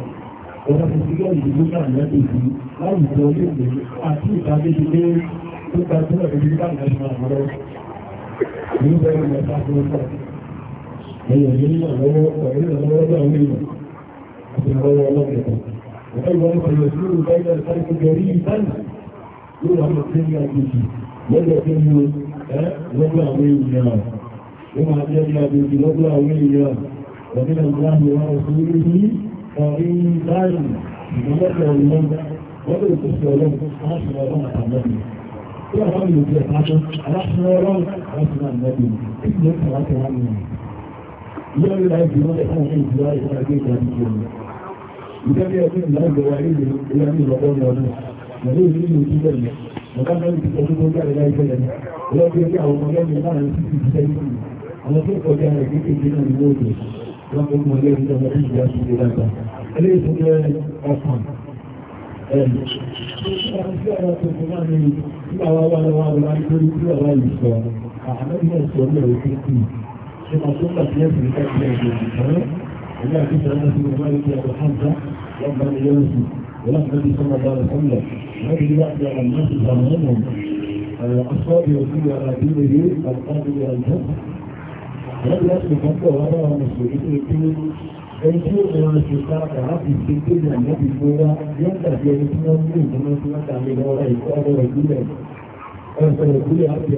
ẹ̀rọ ti fi gẹ́gẹ́ ìdìbò náà lẹ́tọ̀ sí láwùjọ olóògbé àti ìtàgéjì pé tó gba sílẹ̀ tó ní báyìí lẹ́nu àwọn ọ̀rọ̀ ní bẹ́ẹ̀ ní ẹ̀ka tó ń bọ̀. Ẹ̀yọ̀ ní ìrànlọ́wọ́ ọ̀rẹ́ ìrànlọ́wọ́ náà ń rìn àti ìrànlọ́wọ́ ọlọ́gbẹ̀kọ̀. Ẹ̀ka ìwọ̀n ìpẹ̀lẹ̀ sí ìlú Bẹ́ẹ̀lẹ̀ sáré tó gẹ̀rí ìbáyìí ló wà ní ìpínlẹ̀ àjèjì lọ́jọ́ tó ọ̀rin báyìí ìgbẹ́lẹ́pẹ̀ ọlọ́run wọ́n lè pèsè ọlọ́run láti ọlọ́run àtàlẹ́bì tí a wọ́n lè fi ẹ̀ka tó aláṣẹ ọlọ́run láti náà lẹ́bì tí ló kà láti wá nìyẹn ìyá ìlà ìdí wọn lè fún ìdí wa ìfún ẹgbẹ́ ìjà ní ìjọba ìjọba bí ẹgbẹ́ ìlà ìjọ wa ilé ìlà ní ìlọ́gọ́rùn ọdún pẹ̀lú ìlú ìlú ìlú ìlú ọ̀gá náà ti sọ tó gbà lẹ́yìn ìfẹ́ lẹ́nu ọlọ́gbẹ́ bí àwọn ọmọ lẹ́yìn láàrin títí ìfẹ́ yìí àwọn wọ́n tó mọ̀ ilé ìjọba ní ìjọ sí ilé dáta. Ilé ìfún jẹ́ ọkàn. أصحابي وسيلة على دينه القادم إلى الجنة Àlẹ́bí láti lè kọ́ pọ̀ wọ́n àwọn mùsùlùmí tó ti ní ẹni tí ó mọ̀ ṣe sáàkà láti ṣe pé ní àlẹ́bí tó wá yóò dàbí ẹni tí wọ́n mú ìgbìmọ̀ tí wọ́n tàbí lọ́wọ́ ìkọ́ ọ̀rọ̀ ìgbìlẹ̀. Ọ̀sẹ̀ ìgbìlẹ̀ àti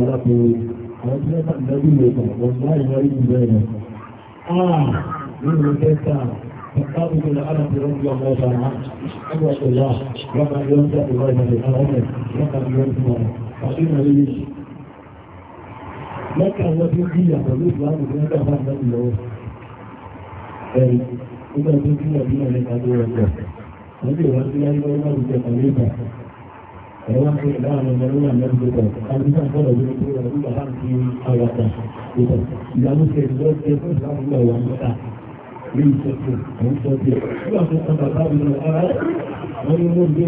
ọ̀rí rẹ̀ àwọn tí wọ́n tàbí lọ́dún ìwé kan ọ̀gbọ́n láì wáyé ìlú ẹ̀rọ. Ah, nínú kẹta, فقالوا من ألم رضي الله تعالى عنه أبوة الله وما ينزع الله لأرمه وما ينزع فإن لي لك وبيقية فلوس لهم من أدفع من الله إذا بيقية بنا لك أدوة الله نبي رضي الله عنه ẹ̀wọ́n pé láàrin ọmọ náà lẹ́gbẹ̀ẹ́ àbíkà bọ́ọ̀lù ní pé ọdún bàbá ti àwàdà ìtọ̀ ìyàwó ṣe lọ sí ẹgbẹ́ ìlànà wà níta ní ìṣẹ́kù àwọn ìṣẹ́kù nígbà tó kan bàbá mi lọ ara wọn ni wọ́n gbé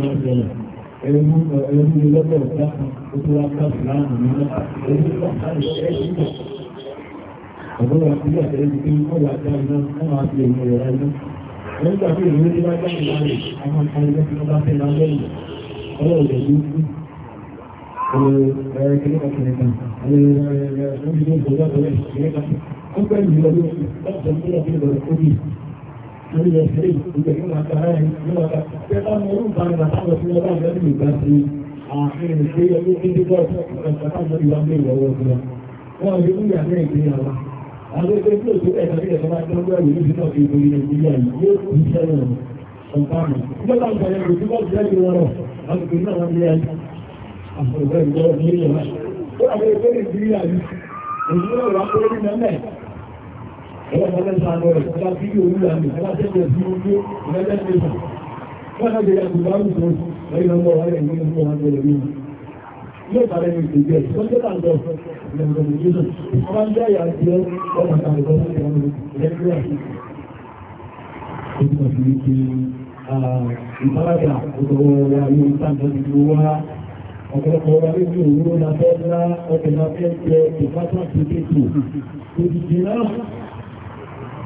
ìlọ́wọ́ bí ẹ̀mí ní ẹ̀rú ẹ̀rú lọ́pọ̀ ọ̀gá ojú wa ká ìlànà ní ẹ̀rú ọ̀gá ìṣẹ́jú ọ̀dọ́ wa sí àti ẹ̀rú tí wọ́n wà dá iná wọ́n máa fi èmi rẹ̀ iná nígbà tí èmi tí wá dá iná rẹ̀ àwọn ọmọ ẹgbẹ́ tí wọ́n bá fẹ́ lálẹ́ yìí ọwọ́ rẹ̀ ló kú ẹ̀rẹ́ kiri kọkiri kan ẹ̀rẹ́ ẹ̀rẹ́ ẹ̀rẹ́ lórí ẹsẹ̀ ìgbẹ̀ nínú àtàrà ẹ̀yìn nínú àtàrà ẹ̀yìn nínú àtàrà ẹ̀yìn nínú àtàrà ẹ̀yìn nínú àtàrà ẹ̀yìn ààrin ìgbé ẹgbẹ́ ìdíjọ́ ìpàtàkì ìwà ní ìwọ̀wọ̀ ọ̀gbọ̀n wọ́n rí ní àmì ìgbéyàwó àwọn ẹgbẹ́ tí ó tó ẹ̀ka ní ẹ̀ka máa tọ́jú ẹ̀rù Ìbáradà ọ̀pọ̀lọpọ̀ wà ní òwúrò lábẹ́ ńlá ọkùnrin afẹ́ jẹ ìfásitì kéèkì. Òjìjì náà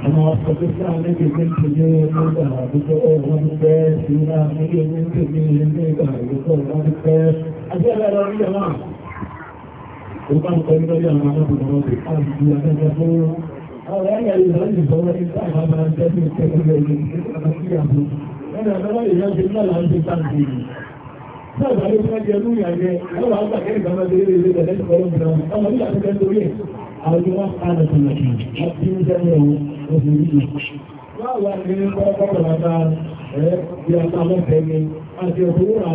أنا أصدقت عليك بنت جيل مدها بسؤال ومداس إلى أمري بنت جيل مدها بسؤال ومداس أجل رأي الله وكان قريبا يا معنا بنوضي أرجو أن تكون أرأي الهل فوائد أعمى جديد كبير أنا أرأي الهل في الله عن تنفيذ Sáàbà ló fẹ́ jẹ́ lórí àjẹ́, àwọn àwọn àkẹ́kẹ́ ìgbàmọ́ sí ilé ìlú ìdẹ̀lẹ́sì pẹ̀lú ìgbàmọ́, àwọn ilé àti ẹgbẹ́ lórí ẹ̀ àwọn ìwà pàdé tó lọ sí àti ní jẹ́ ẹ̀wọ̀n obìnrin yìí. Wọ́n wà ní ọgbọ́gbọ́ bàbá ẹ̀ bí a ta lọ́fẹ̀ẹ́ ni àti òkúrà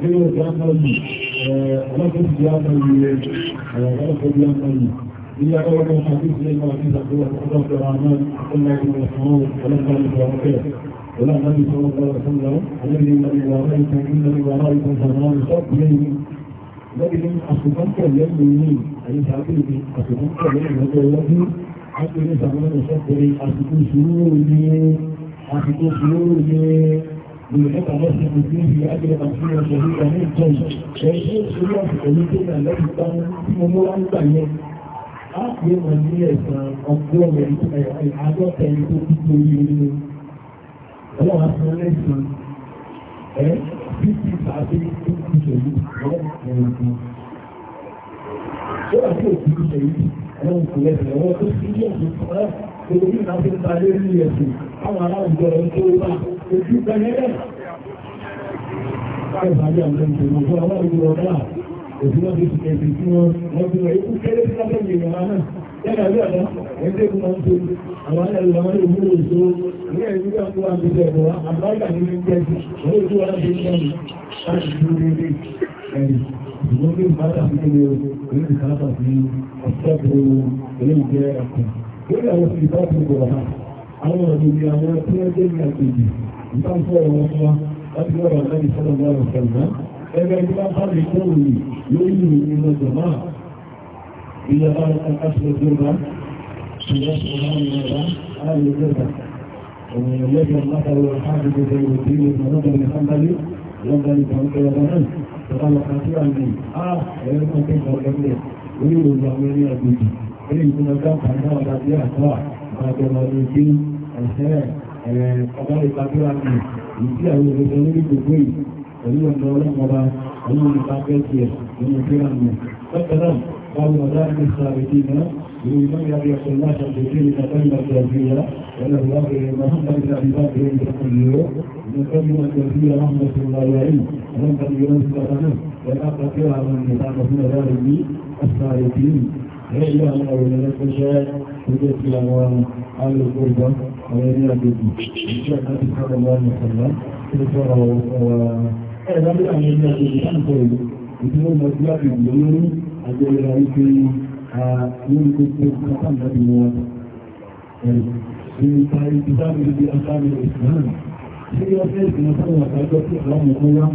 ní ọjọ́ àmọ́lì ọlọ́fẹ́ ti di àmọ́lì rẹ̀ ọlọ́fẹ́ di àmọ́lì. Ilé akọ́lọ́gbọ́ àti ìṣẹ́ ìwà àti ìṣàkóso ọ̀pọ̀lọpọ̀ àmọ́ ọlọ́gbọ́n ọ̀pọ̀lọpọ̀ ọ̀pọ̀lọpọ̀ ولا النبي صلى الله عليه وسلم الذي من إذا رأيتم إن إذا رأيتم فما يصب إليه lẹ́gbẹ̀ẹ́ ní àṣùgbọ́nkẹ̀ lẹ́nu ní àyíká àbílẹ̀ àṣùgbọ́nkẹ̀ lẹ́nu lọ́jọ́ iwájú àpẹẹrẹ ìṣàmúlò ìṣẹ́kẹrẹ àṣùgbọ́ ìṣòro ní àṣùgbọ́ ìṣòro ní ìrẹ̀lẹ́ta lọ́sẹ̀ tó ti ń fi ágbẹ̀rẹ̀ àṣùgbọ́n pẹ̀lú ìgbàmí ìjọyìn ẹ̀ṣẹ́ ìṣòro àṣùgbọ́n ní tó nà lẹ́yìn tán tí ní ẹ̀sán ọgbọ́n àádọ́ta ẹ́ bí ti pàṣẹ ìṣèlú ọlọ́run ẹ̀rọ kan. Ṣé wàá tí òkú ìṣèlú ọlọ́run kò lẹ́sẹ̀ ọwọ́ tó ti ní ọ̀sẹ̀ ọ̀rẹ́ gbogbo bí ìlànà Yẹ́nà ilé ọ̀dọ́, ẹgbẹ́ ìgbùn máa ń tó àwọn ẹlẹ́rù àwọn ẹlẹ́rù إلى أن أصل الجربة أهل الجربة ويجب المثل الحافظ زين الدين بن رجب الحنبلي ينبغي فوق يدنه فقال كثيرا من آه ويكون كيف الجميع يريد الجميع بيتي يريد من الجمع أنه قد يأتى بعد ما يجي الخير فقال كثيرا من يجي أهل الجميع بيتي يريد أن يولد مبا أنه متعقل فيه من الجميع فقدم قول مذاهب الخارجين للإمام أبي عبد الله الشمسي لتقيم الجوزية وله أخر المهمة بن أبي بكر من لتقيم كافيه رحمة الله ومن قد ينزل سلطنه والأقرب فيها من يتعرفون ذلك الخارجين هي أن أولاد تجد في الأموال على القربة وغيرها بإذن الشيخ نبي صلى الله عليه وسلم ذكره وإعلام الأمر الذي أنزل بدون مزيد من ẹgbẹ́ ìlà wípé nínú gbogbo ọ̀pá ìdájú wọn ẹ̀rù ta ibi dábì ibi asáàmì ìsìláàmù tí ó fẹ́ ìsìnà sáwọn àkájọ́ sí àwọn ọmọ wa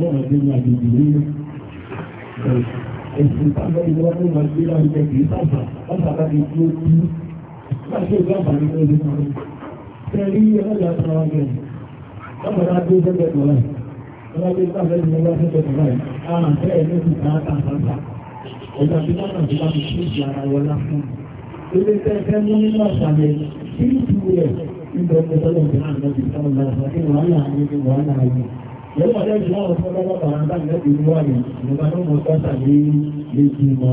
lọ́wọ́ tí wọ́n àjèjì ní ẹ̀sìn tábẹ́ ìlú wọn ló máa gbé láwùjọ kìí sábà látàkà ní tí ó kú láti ìlú àbáyé lọ́dún kan tẹ̀lé ẹlẹ́yà tó wá gẹ̀ẹ́ lọ́pọ̀lá tó fẹ́ bẹ̀rẹ̀ lọ́wọ́ lọ́pọ̀lá tó fẹ́ bẹ̀rẹ̀ lọ́wọ́ ẹ̀dá bí lọ́nà bá fi ṣe ìṣe ara wọlá fún ilé tẹ́ fẹ́ mú nínú àṣàlẹ̀ tí ń tu rẹ̀ nígbà ọgbẹ́ tọ́lọ̀ tó náà lọ́dún sáwọn lọ́sọ̀ kí wọ́n yà ní kí wọ́n náà yẹ lọ́wọ́ ọ̀dẹ́ ìlú àwọn tó bá bá bàrà ń bá ìlẹ́kùn ìlú wà ní ìjọba náà mọ̀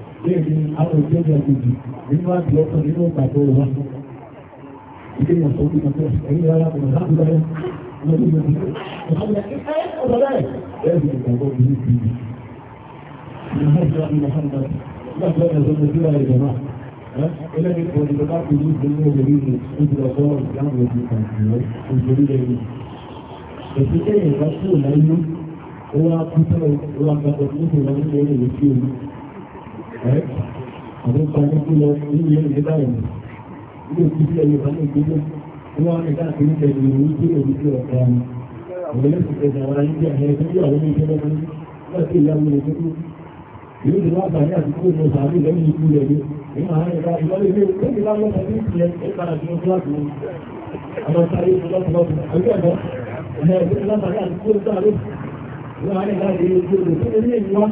léèrè àwọn ìjọba ìgbèjì nínú àti ọkàn nínú ìgbàgbọ́ wa ilé ìyàtọ̀ orí ìgbàgbọ́ ẹ̀yìn rárá kò náà láti lọ́wọ́ wọ́n ní ìgbàgbọ́ ìgbàgbọ́ ìgbàgbọ́ ìgbàgbọ́ ìgbàgbọ́ ìgbàgbọ́ ìgbàgbọ́ ìgbàgbọ́ Ẹlẹ́ni kò ní bá kò ní ìgbìmọ̀ òbí ní ìjọba ọ̀rọ̀ ìdáhùn òbí ìgbàgbọ́ òbí lẹ́yìn. Èsì kẹ́yìn ìgbà kúrò láyé, ó wá kú tẹ́lẹ̀ ó wá gbàgbọ́ tó ń sọ̀rọ̀ nípa ẹ̀rọ ìwé sí òun àwọn kan ní lọ sí ilé báyìí ilé ìwé sí ẹyọ kan ní ìgbélé wọ́n rìn káàkiri tẹ̀lé ìwé tí ó ní sí ọ̀gá ni àwọn ẹlẹ́sìn tẹ̀lé àwọn ayé àwọn ẹgbẹ́ ní láti ìyàwó rẹ̀ tó kú ìlú ti wá bàyà àti kó lọ sàárè lẹ́yìn ikú rẹ̀ àwọn ẹ̀ka ìlọ́lẹ̀ ilé ìwé tí wọ́n lọ́wọ́ ní ìṣẹ́ ẹ̀kára tí wọ́n tó láti àwọn sáré lọ́pọ̀lọpọ̀ àgbẹ̀ ẹ̀kọ́ ẹ̀ẹ́dẹ́gbẹ̀rún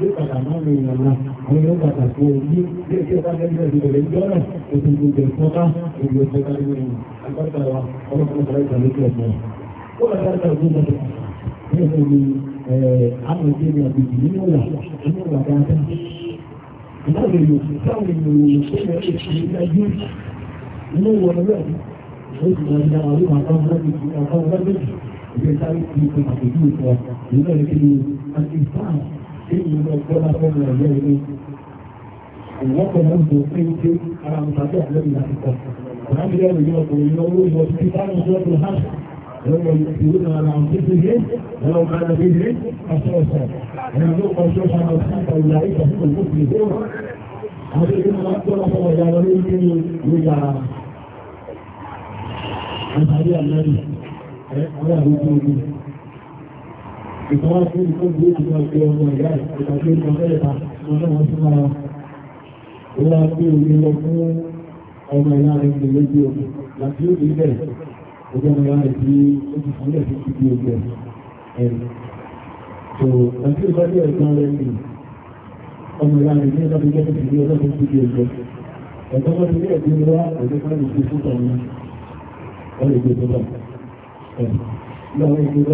yóò padà máa ń rìn ìrànlá àwọn yóò padà kó orí bí ẹgbẹ́ bá lẹ́gbẹ́ ìbẹ̀rẹ̀ ìjọ náà òtún gbogbo ìfọ́nká gbogbo ìfọ́nká nínú agbára wa ọlọ́pàá ọ̀rẹ́ ìgbàlódé ọ̀gbọ̀n. ó wà dáadáa ọdún mọ́tò ní ẹ̀sẹ̀ ni àwọn òbí mi àgbègbè nínú ìlà nínú ìlà dáadáa. ìdáwọ̀ èlò táwọn èlò ìṣẹ̀lẹ̀ ìṣẹ̀lẹ̀ nínú ìwọ̀n náà ó sì máa ń dá àwọn àwọn àwọn ọlọ́dún ìgbésáré kiri fún àpèjúwe kan ìlú ẹ̀rẹ́ kiri àti ìfáà èyí ẹgbẹ́ máa pé ó pé ara mi tàbí láti kọ́ láti rẹ̀ ọkùnrin lọ owó ìwọ títí táwọn ìjọ tó hàn lọ́wọ́ ìwé ara ń tètè yé lọ́wọ́ ara bí yé ọ̀sẹ̀ ẹ̀rọ ló kọ́ ṣọ́ṣà lọ sí ìtàlá ìtàkùn òkú Àwọn ìgbìmọ̀ máa ń tọ́lọ́ fún ọ̀dà lórí ìgbìmọ̀ ìgbà àtàrí àmẹ́rin, àwọn ìtọ́wọ́ fún ìkọ́gbé ìjọ ìpé ọmọ ìyá ìpàdé ìpàdẹ́ta ọjọ́ wọn fún ara ó wá gbé orí lọ fún ọmọ ìyá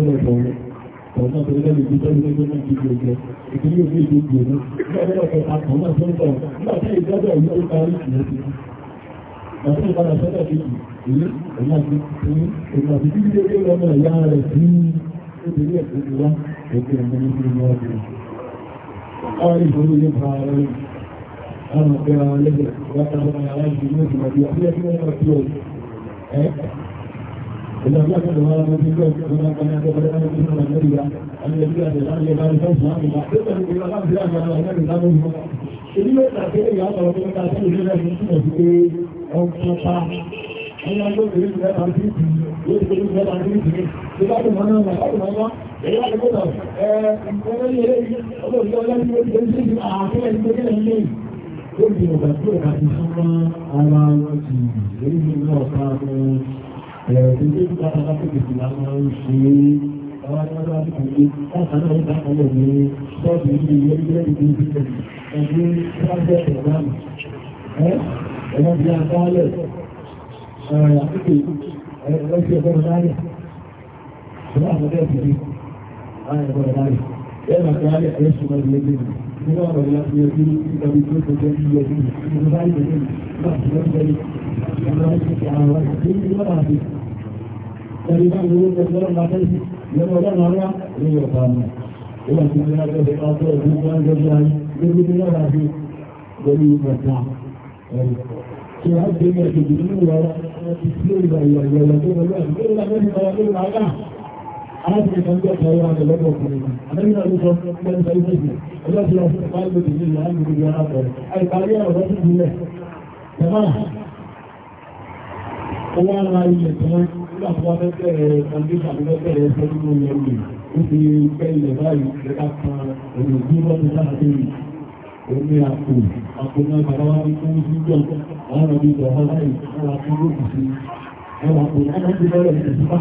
rẹ̀ ọ̀nà tó lẹ́nu ibi tó lẹ́nu ní ibi ìgbẹ́ ìdílé òfin ìdí ìgbẹ́ ní ẹgbẹ́ ọ̀fẹ́ àkọ́nà tó ń ìlú tó parí ìlú ti ọ̀sẹ̀ ìbára sọ́tọ̀ ìlú ẹ̀yà إلا يأخذ هذا من الكوكب كما كان يأخذ الآن من النبي الذي يأخذ الآن يبان الفوز عن الله إذا إلى الآن في آخر الأهل لا نظهر إذا يأخذ يا الله وكما تعتقد إلى من سنة في أو كتا أنا أقول إلى لا تعرفين يدخل إلى لا تعرفين إذا أنا أنا أنا أنا إلى أن يقول أنا لي أقول لا لا يجوز أعطيه يجوز أعطيه Olùdíjọba tó ẹ̀ka ti fún wa ara wọn ti èyí ni wọ́n ọ̀pá ọ̀hún ẹ̀rọ ẹgbẹ́ láti tètè láti náà ìgbà kan lè ní ṣọ́ọ̀bù ní ilé ilé ìdí ìdílé ẹgbẹ́ lábẹ́ ẹ̀dáàmù ẹ ẹ̀rọ bí a bá lẹ̀ ẹ̀rọ àkókò ẹ̀rọ sí ẹgbẹ́ láyẹ̀ ṣùgbọ́n àwọn ẹgbẹ́ ìdílé àwọn ẹgbẹ́ láyẹ̀ ẹ̀rọ àkókò ẹ̀rọ sí ẹgbẹ́ láyẹ̀ nínú ọ̀rọ̀ ìyá fi ẹbí ìgbàgbé tó tó jẹ́ ìyẹ́ bí ìlú bá ìgbẹ́ láti lọ́gbẹ́ ìgbàgbé ìgbàgbé àwọn ìgbàgbé ìgbàgbé Ẹni bá ìwé ìgbẹ̀rẹ̀ lọ́rọ̀ máa tẹ́sí, ìyẹn ọlọ́run ará ní ọ̀pá mi. Ó wà sí ìrìnàjò ìgbẹ̀rẹ̀ ọjọ́ ìgbẹ̀rẹ̀ ọjọ́ ìgbẹ̀rẹ̀ lórí ìgbẹ̀rẹ̀ àti lórí ìgbẹ̀rẹ̀ ẹ̀rọ. Ṣé á gbé ẹgbẹ̀rẹ̀ ìgbẹ̀rẹ̀ ìgbẹ̀rẹ̀ arábìnrin kan gbọ́ ọ̀tọ̀ ọ̀rọ̀ àjẹ́ lọ́pọ̀ ọkùnrin àdẹ́bí náà ló sọ pé ń sáré fèsì ọjọ́ tí wọ́n fún báyìí lòdì nílùú láàrín gbogbo ara bẹ̀rẹ̀ àìparí ọ̀rọ̀ sí ìbílẹ̀ tẹ̀mọ́ owó ara ilẹ̀ tán nígbà tó wá fẹ́ bẹ̀rẹ̀ kọ̀ǹdíṣà ló fẹ́ bẹ̀rẹ̀ ẹsẹ̀ nínú ilẹ̀ rẹ̀ ó ti gbẹ́ ilẹ̀ báyìí lẹ́ka kan òun ìdí lọ́dún sáà omi àpò àpò náà bàbá wá ní fún ìjọ àwọn ọmọdé ìjọba láì ẹwà fún lókùsí ẹwà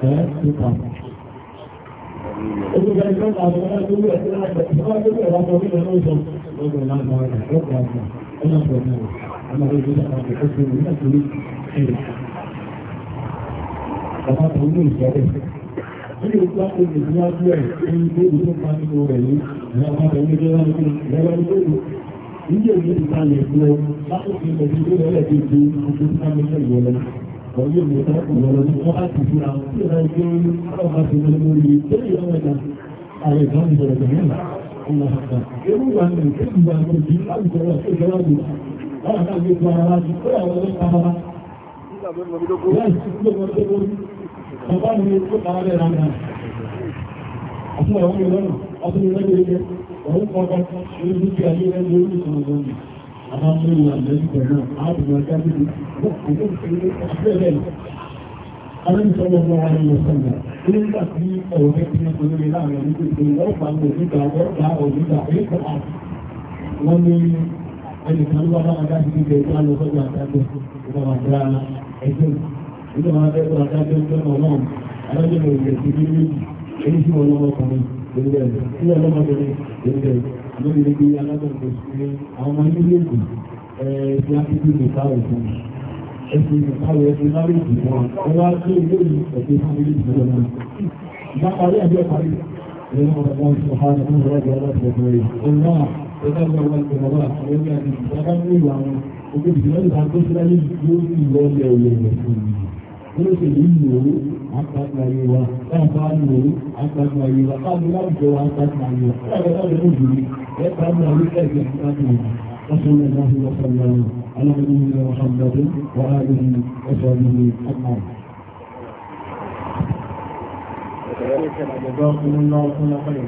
Ilé ìgbà tó lè ní ájú ẹ̀ ní ilé ìlú rẹ̀ ní ìyàwó àwọn ilé ní ìjọba ní ìlú pẹ̀lú ìrìnlẹ̀ ìrọ̀lọ́ ní wọ́n fi àwọn tí ó rẹ̀ ọmọ àgbà ewu wà ọdún ilẹ̀ ìrẹ́lẹ̀ ọ̀rọ̀ kọ̀ọ̀kan ní dúkìá ẹgbẹ̀rún ìṣòro lónìí àbáfẹ́wà Àwọn ìṣọ́lọ́ ọmọ ọlọ́run alájọ́ ìrẹ̀lẹ̀ ti ní méjì èyí sí ọlọ́run ọkùnrin ìgbẹ́ ilé ọlọ́mọbìnrin ìgbẹ́ lóbìnrin bí alábẹ̀rẹ̀ ní àwọn ọmọ ilé èdè ẹ̀ẹ́dì ápẹ́kù nìka òfin ẹ̀sìn nìka ẹ̀sìn márùn-ún wọn wọ́n wá sí ilé ìpẹ̀tẹ̀ fámílì ìgbẹ́ náà ìgbàparí àbí ọ̀parí ẹ̀rọ ọ̀pọ̀ ìṣọ̀hánà fún ìrọ̀lẹ́ ọlọ́pẹ̀ẹ́rẹ́ ọ̀nà ẹ̀dàgbà wọn ti rọ̀wà ẹ̀rọ ìgbàgbà ní ìwà wọn òkè ìgbàgbà tó ṣe láyé yóò sì lọ́ọ̀lẹ̀ òye rẹ̀ fún mi lóde yìí lò ó àgbàgbà yìí wa ẹ̀ka lò ó àgbàgbà yìí wa káàdì láwùjọ wa àgbàgbà yìí wa ẹ̀ka lò ó yìí ẹ̀ka lò ó yìí ẹ̀ka lò ó وصلى الله وسلم على نبينا محمد وآله وصحبه أجمعين. جزاكم الله كل خير.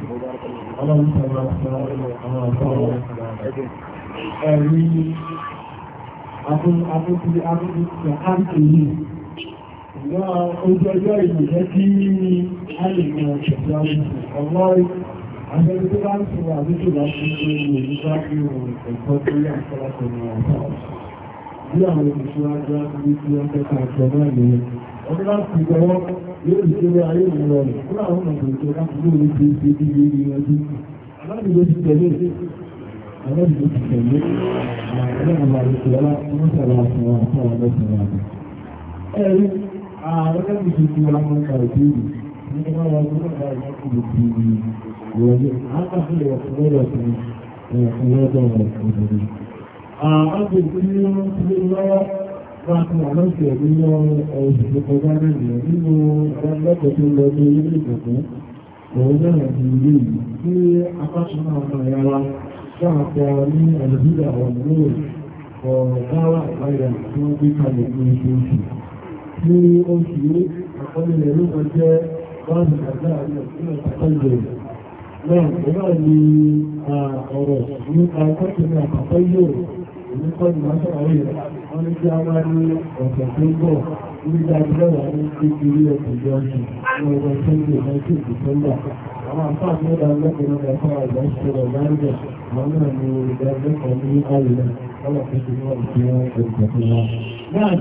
اللهم صل على سيدنا محمد. Ẹ̀rí akúntì akúntì àkáǹtì yìí ojú ọjọ́ ìrìnlẹ̀ tí a lè mọ̀ ṣẹ̀dá ọmọ àjẹ́lú tó bá ń sọ̀rọ̀ àbújò láti ṣe ní ìjọba bí òun ẹ̀kọ́ tó yà sọ́lọ́pọ̀ ní ranar da shi kuma lamun karfi ne kuma ya zuwa da ya kuma tv yanzu an kafin da wasu ne da su ne kuma da wasu ne a an fi kuma kuma yawa ba su ma nan su yabi yawan su ko ganin da yanzu don lokacin da ke yi da su òun náà ti rí tí apáṣọ́nà ọmọ ẹ̀yà wa sáàpọ̀ ní ẹ̀lẹ́bílẹ̀ ọ̀nà lóòrùn ọ̀gáwà ìpáyà tí wọ́n gbé kalẹ̀ ní oṣooṣù ní oṣù yìí àkọlù rẹ̀ ló kàn jẹ́ báàmù àgbà àti ìpínlẹ̀ àkọlù rẹ̀. Náà, ìwà ni ọ̀rọ̀ nípa ìkọ́kùnrin àkọ́kọ́ yóò ní kọ́lù lọ́sọ̀ àwọn rẹ̀. Wọ́n ní kí a wá ní ọ̀sẹ̀ tó ń bọ̀ ní ìdájúlọ́wà ní kékeré ẹ̀kùn jọ ní ọjọ́ Sunday 19 December. Àwọn àfáà ní ọ̀dà lẹ́kùnrin ẹ̀kọ́ àgbà ìṣẹ̀lẹ̀ láńjẹ̀ àwọn náà ní ìdájọ́ kan ní àyè náà. Wọ́n lọ fi ṣe ní ọ̀sẹ̀ ẹ̀kùn jọ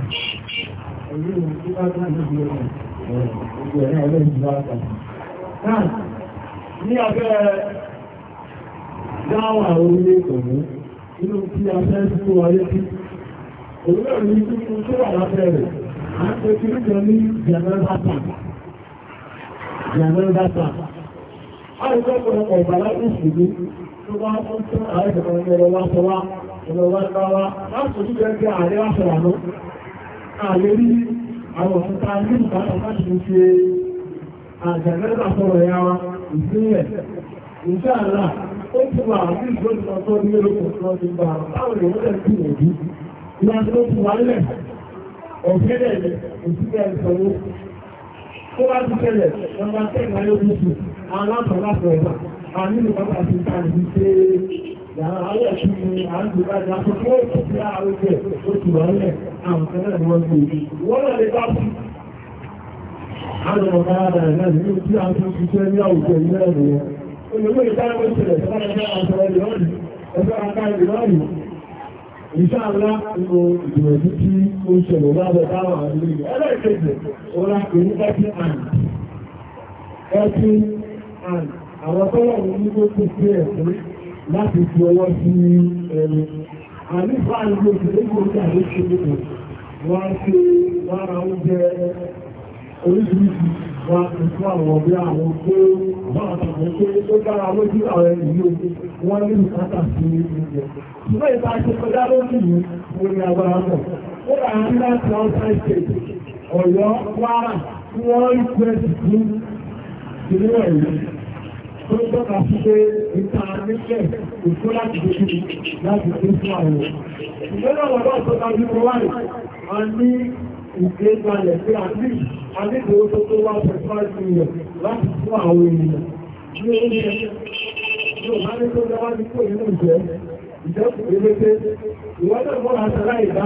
Ní inú tí a fẹ́ tó wáyé tí, òwúrẹ̀ rí títún tó wà lábẹ́ rẹ̀, a ń pẹ́ kìí jẹ ní Jẹ̀mẹ́bàtà. Jẹ̀mẹ́bàtà. A ń pẹ́ pẹ̀lọpọ̀ ìbàlá ìṣìdí tó bá fún tó ààrẹ ìjọba ẹ̀rọ wá sọ wá, ààrẹ rí àwọn ọ̀fúnta ní ìbátan láti ṣe àjàgbẹ́ta sọ̀rọ̀ ya wa ìpínlẹ̀ ìṣàlá ó ti wà ní ìgbónìkan ní orúkọ ti gbà táwọn èèyàn lè Àwọn ayé ẹ̀ṣùn a ń gbé bá jẹ́ ahụ ó ti láàárọ̀ jẹ́ ó ti wà nílẹ̀ àwọn kan náà ni wọ́n gbé ìdí. Wọ́n náà lè bá láti fi ọwọ́ sí ẹni àlífà ìlú ìlú ìlú ìlú wọ́n ṣe wára oúnjẹ oríṣiríṣi wá ìfún àwọn ọ̀bẹ́ àwọn tó bá àtàkùn pé ó dára lójú àwọn ìlú wọ́n ní ìkátà sí oúnjẹ. ṣùgbọ́n ìta ṣe kọjá lójú yìí mo ní agbára pọ̀ ó rà ń láti outside state ọ̀yọ́ kwara tí wọ́n rí pẹ́ẹ̀sì fún ìlú ẹ̀yìn tó ń tọ́ka sí pé ìta nílẹ̀ ìfó láti dojú láti dé fún àwọn ìgbẹ́nà wọn bá tọ́ka sí mo wáyé a ní ìgbégalẹ̀ pé a ní àdébòó tó tó wá pẹ̀lú láti rẹ̀ láti fún àwọn ènìyàn ní oúnjẹ yóò bá ní tó dáwà ní kò nínú ìjẹ́ ìjọ́sùn eléte ìwọ́n náà mọ́ra sẹ́lá ìdá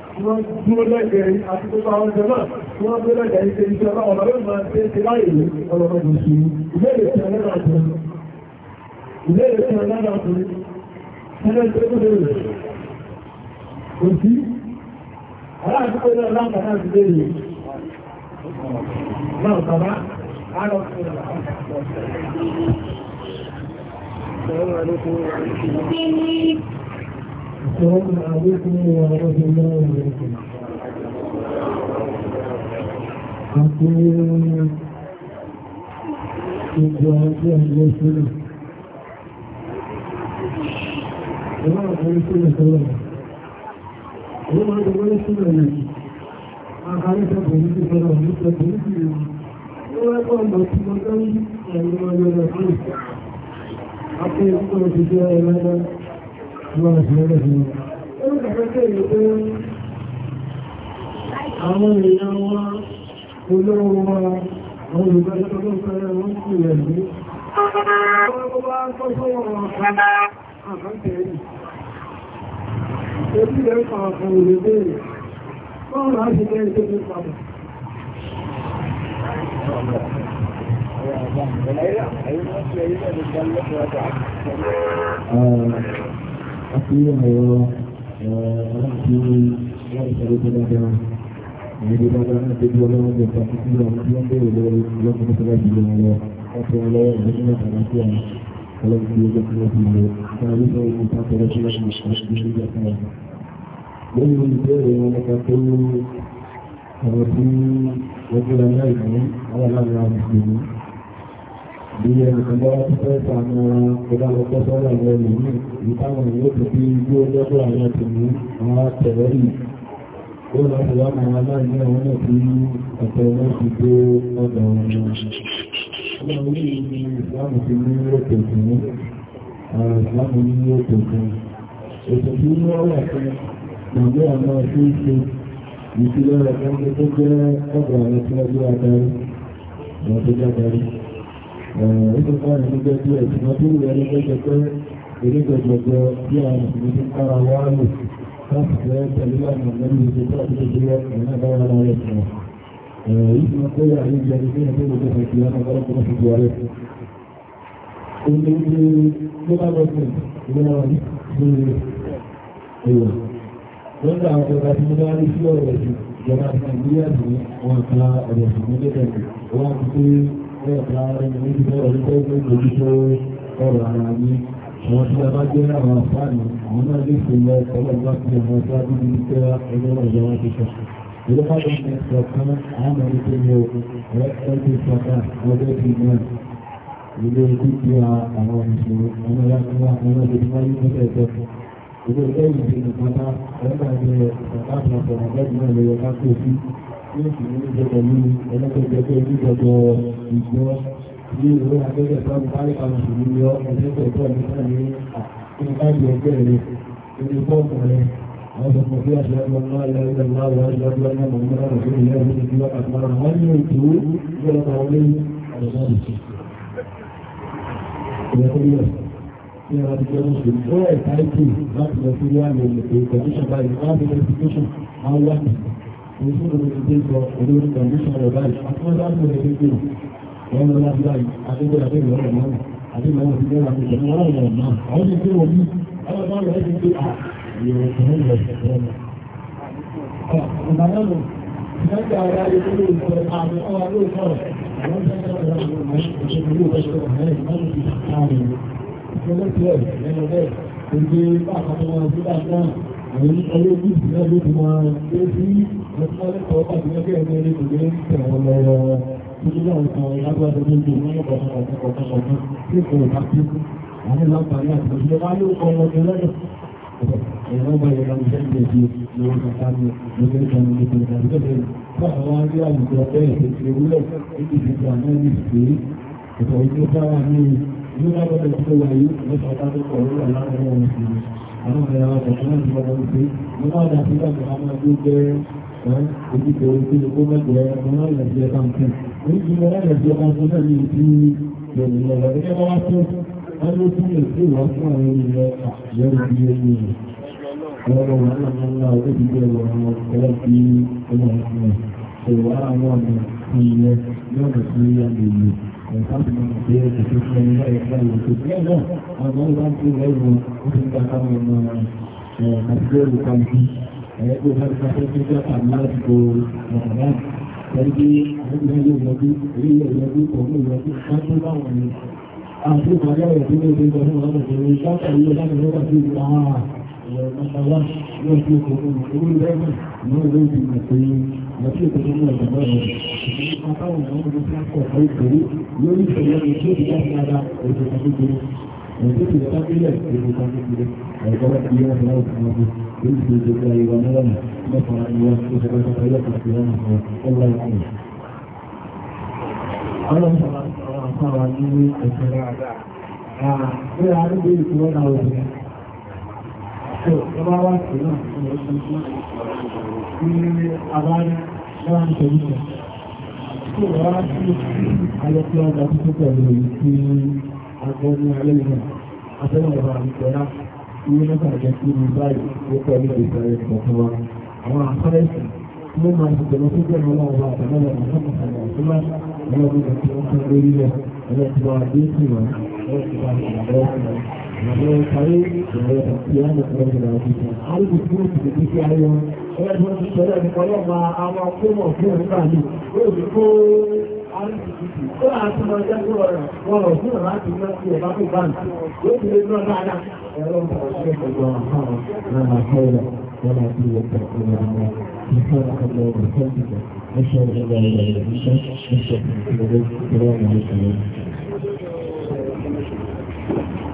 wọ́n dúró lẹ́gbẹ̀ẹ́ àti tó bá ọjọ́ náà wọ́n dúró lẹ́gbẹ̀ẹ́ ṣe iṣẹ́ ọlọ́run ló máa ń ṣe láì ọlọ́run oṣù ìbéèrè tí ọlọ́run ọdún ìbéèrè tí ọlọ́run ọdún ẹgbẹ́ tó tó lè òsì aláàbí tó lọ láǹkà náà ti lè rè náà bàbá àlọ́ Thank you. السلام عليكم ورحمة الله وبركاته Àti ìjọ ọjọ́ ìjọ ìṣẹ́lẹ̀. Ìwọ́n àwọn ìṣẹ́lẹ̀ sọ́rọ̀. Ìwọ́n máa jẹ́ wọ́n ìṣẹ́lẹ̀ rẹ̀. Àkàrísẹ̀ pẹ̀lú ti sọ́rọ̀ ní pẹ̀lú ti rẹ̀. Ìwọ́n ẹgbọ́n mọ̀ tí mo dá ní ẹ̀rọ ọjọ́ ìṣẹ́lẹ̀. Àti ìjọ ìṣẹ́lẹ̀ rẹ̀ lọ́nà àwọn èèyàn wọn olówó wọn àwọn tó ń fẹ́rẹ̀ wọ́n sí rẹ̀ ní ọwọ́ bá ń tọ́jú wọn àkántẹ̀ẹ́rì ẹbí rẹ̀ pàápàá òlè bèèrè wọ́n rà á ṣe bẹ́ẹ̀ tó fi pàápàá Thank you àti àwọn aláàtí láti sọ̀rọ̀ tó dáadáa ìrìnlẹ̀ dáadáa náà tó dúró lọ́wọ́ ní ọ̀pá títí àwọn tí wọ́n bèèrè lọ́wọ́ lọ́kùn tó bá jùlọ lọ láti wọn lọ́wọ́ ìlú náà tàbí sí àwọn ọlọ́run tí ó jẹ́ kí wọ́n ti lọ náà ló sọ ìlú tápọ̀ ilé ìpínlẹ̀ pípẹ́ ìsànà ìdálọ́pọ̀ sọ́rọ̀ àwọn ènìyàn ìtàwọn ìlú tó bí ibi ó lọ́pọ̀ àwọn ti mú àwọn tẹ̀lẹ́ yìí ó lọ sí ọmọ aláìní àwọn náà tí ọ̀tọ̀ wọn ti dé ọ̀dọ̀ wọn ọmọ orí ni ìsìlámù ti ní ètò ìsìn ìsìlámù ní ètò ìsìn ètò tí ó wà fún nàìjíríà náà tí ń ṣe ìpínlẹ̀ ọ̀gbọ́n tó jẹ́ ọ̀dọ̀ àwọn tí wọ́n gbé adarí ìdókòwò nígbẹ́ bí ẹ̀ ṣùgbọ́n tó rẹ̀ ní gbẹ́jẹ́ pé ìrẹ́gbẹ̀gbẹ̀ bí a mùsùlùmí ti kára wá lò láti fẹ́ pẹ̀lú àwọn ọ̀gbẹ́ni ìṣẹ́ tó àti ìṣẹ́ ìrìnà bá wà láyé fún ọ. Èyí ti mọ pé àyè ìjẹ́ ní pé ìṣẹ́ ìṣẹ́ ẹ̀ẹ̀dá ẹni ní ti bẹ́ẹ̀ orí pé lójú tó ọ̀rọ̀ ara ní àwọn tí a bá jẹ́ àwọn àfáàní àwọn náà lè fi lọ ọ̀pọ̀lọ̀ bá fi àwọn tí a bí ní pé ẹgbẹ́ ọ̀yọ́ wọn ti sọ. Ìlú bá lọ sí ẹ̀sọ̀ kan àwọn ẹni tó yẹ ẹgbẹ́ ti sọ̀tà ọjọ́ ti náà. Ilé ikú ti àwọn ìṣòro ọmọ ya fún wa ọmọ ìṣòro máa yí nípa ẹ̀sọ̀ fún. Ilé ẹgbẹ́ ìṣòro nìkan náà ẹgbẹ́ ìṣòro yóò sì ní ìjọ pẹ̀lú ẹlẹ́gbẹ̀gbẹ̀ ìjọjọ ìgbọ́ ní ìwé abẹ́gbẹ̀ tọ́lù pálíkà mùsùlùmí ní ọ́ ẹgbẹ́gbẹ̀ tọ́lù náà ní ìpáàdì ẹgbẹ́ rẹ̀ nínú pọ́ọ̀pù rẹ̀ àwọn ọmọ bí a ṣe ọmọ náà lẹ́yìn náà wọ́n ṣe ọjọ́ náà mọ̀ nígbà tó ń lẹ́yìn ní ìjọba àtàrà wọ́n ní ètò ìjọba wọlé ọ̀dọ̀dọ̀ ìṣẹ́ ìrẹ́kọ́lẹ̀ ní ọ̀rọ̀ ti jẹ́ mùsùlùmí ó ẹ̀ka ìtì láti lọ sí ilé àmì ìpè ìpẹ̀lú ṣọ̀bá ìgbà we should have been paid for for those conditions of life. As far as that's lọ láti láì àdégbèrè àdégbèrè ọ̀rọ̀ náà àdégbèrè ọ̀rọ̀ ìgbẹ́ àti ìjọba ọ̀rọ̀ ọ̀rọ̀ náà. Àwọn ti pé wọ́n yí ọlọ́pàá rẹ̀ ti pé à yóò tẹ̀lé ìwẹ̀ ìṣẹ̀lẹ̀ náà. Ọ̀nà náà lò, ìdájọ́ ara rẹ̀ tó lè sọ àmì ọ̀rọ̀ ló sọ̀rọ̀. Àwọn ìdájọ́ ara rẹ̀ ló máa ń ṣe ìlú ìgbésẹ̀ ọ̀rẹ́ ìgbésẹ̀ ìgbésẹ̀ ìgbésẹ̀ ìgbésẹ̀ ìgbésẹ̀ ìgbésẹ̀ ìgbésẹ̀ ìgbésẹ̀ ìgbésẹ̀ ìgbésẹ̀ Àwọn ìlànà ojúṣe ojú kó mẹ́gbẹ̀ẹ́ ẹ̀kọ́ náà lè jẹ́ oríṣi mọ́ láì jẹ́ káńtì náà ní ti yorùbá lọ gẹ́gẹ́ wá tó wọ́n ló tún lè sí fún àwọn ilẹ̀ àyẹ̀rù bí ẹni ọlọ́rọ̀ wọn náà ńlá ọdún ti bẹ̀rẹ̀ wọn ọ̀rọ̀ bí ọmọ ọ̀sán ìwà àwọn ọmọ ìyẹn lọ́nà sí àgbègbè Ìfàmì ìgbé ìṣẹ́fún ẹni láyé láyé òṣèlú náà, àwọn ọmọ ìbá ń tó lẹ́yìn oṣù ìgbà táwọn ọmọ ẹ̀ẹ́dẹ́gbẹ̀rún kan bí ẹ̀yẹ́ tó bá nípa tó tó tẹ́ta láti bo ọ̀rọ̀ ẹni tí ẹgbẹ́ yóò yọjú orí yóò yọjú òun yọjú kájú báwọn ni àti ìpàdé ọ̀rọ̀ tó lè gbé ọdún ọdún tó lè dáta ilé láti lọ́wọ́ sí ìlú àwọn ọ̀rọ̀ yóò fi òun orí lẹ́gbẹ̀ẹ́ ní ìlú ìgbìmọ̀ pé lọ́sí ìpínlẹ̀ ní ọ̀dọ̀ lọ́rọ̀ ìpínlẹ̀ Untuk tidak pilih, bukan pilih. Kalau dia selalu mengaku, ini sudah dari mana lama. Maka dia sudah saya kepikiran Allah yang ini. Allah salah ini acara. Ah, dia ada di luar tahu. So, kemarin kita ini akan dalam cerita. So, orang ini ada tiada sesuatu yang lebih àtẹ́rí àwọn àfẹ́rẹ́sì ló máa ti bẹ̀rẹ̀ tó jẹ́ ọlọ́run ọba àtẹ́rẹ́ àtẹ́rẹ́ àtẹ́rẹ́ ọlọ́run ọba àtẹ́rẹ́ lórí rẹ̀ ẹ̀rẹ́ ti wá dé sí wọn ẹ̀rẹ́ ti wá ìrànlọ́wọ́ sí wọn ìrànlọ́wọ́ sáré ìrànlọ́wọ́ sí wọn Ó máa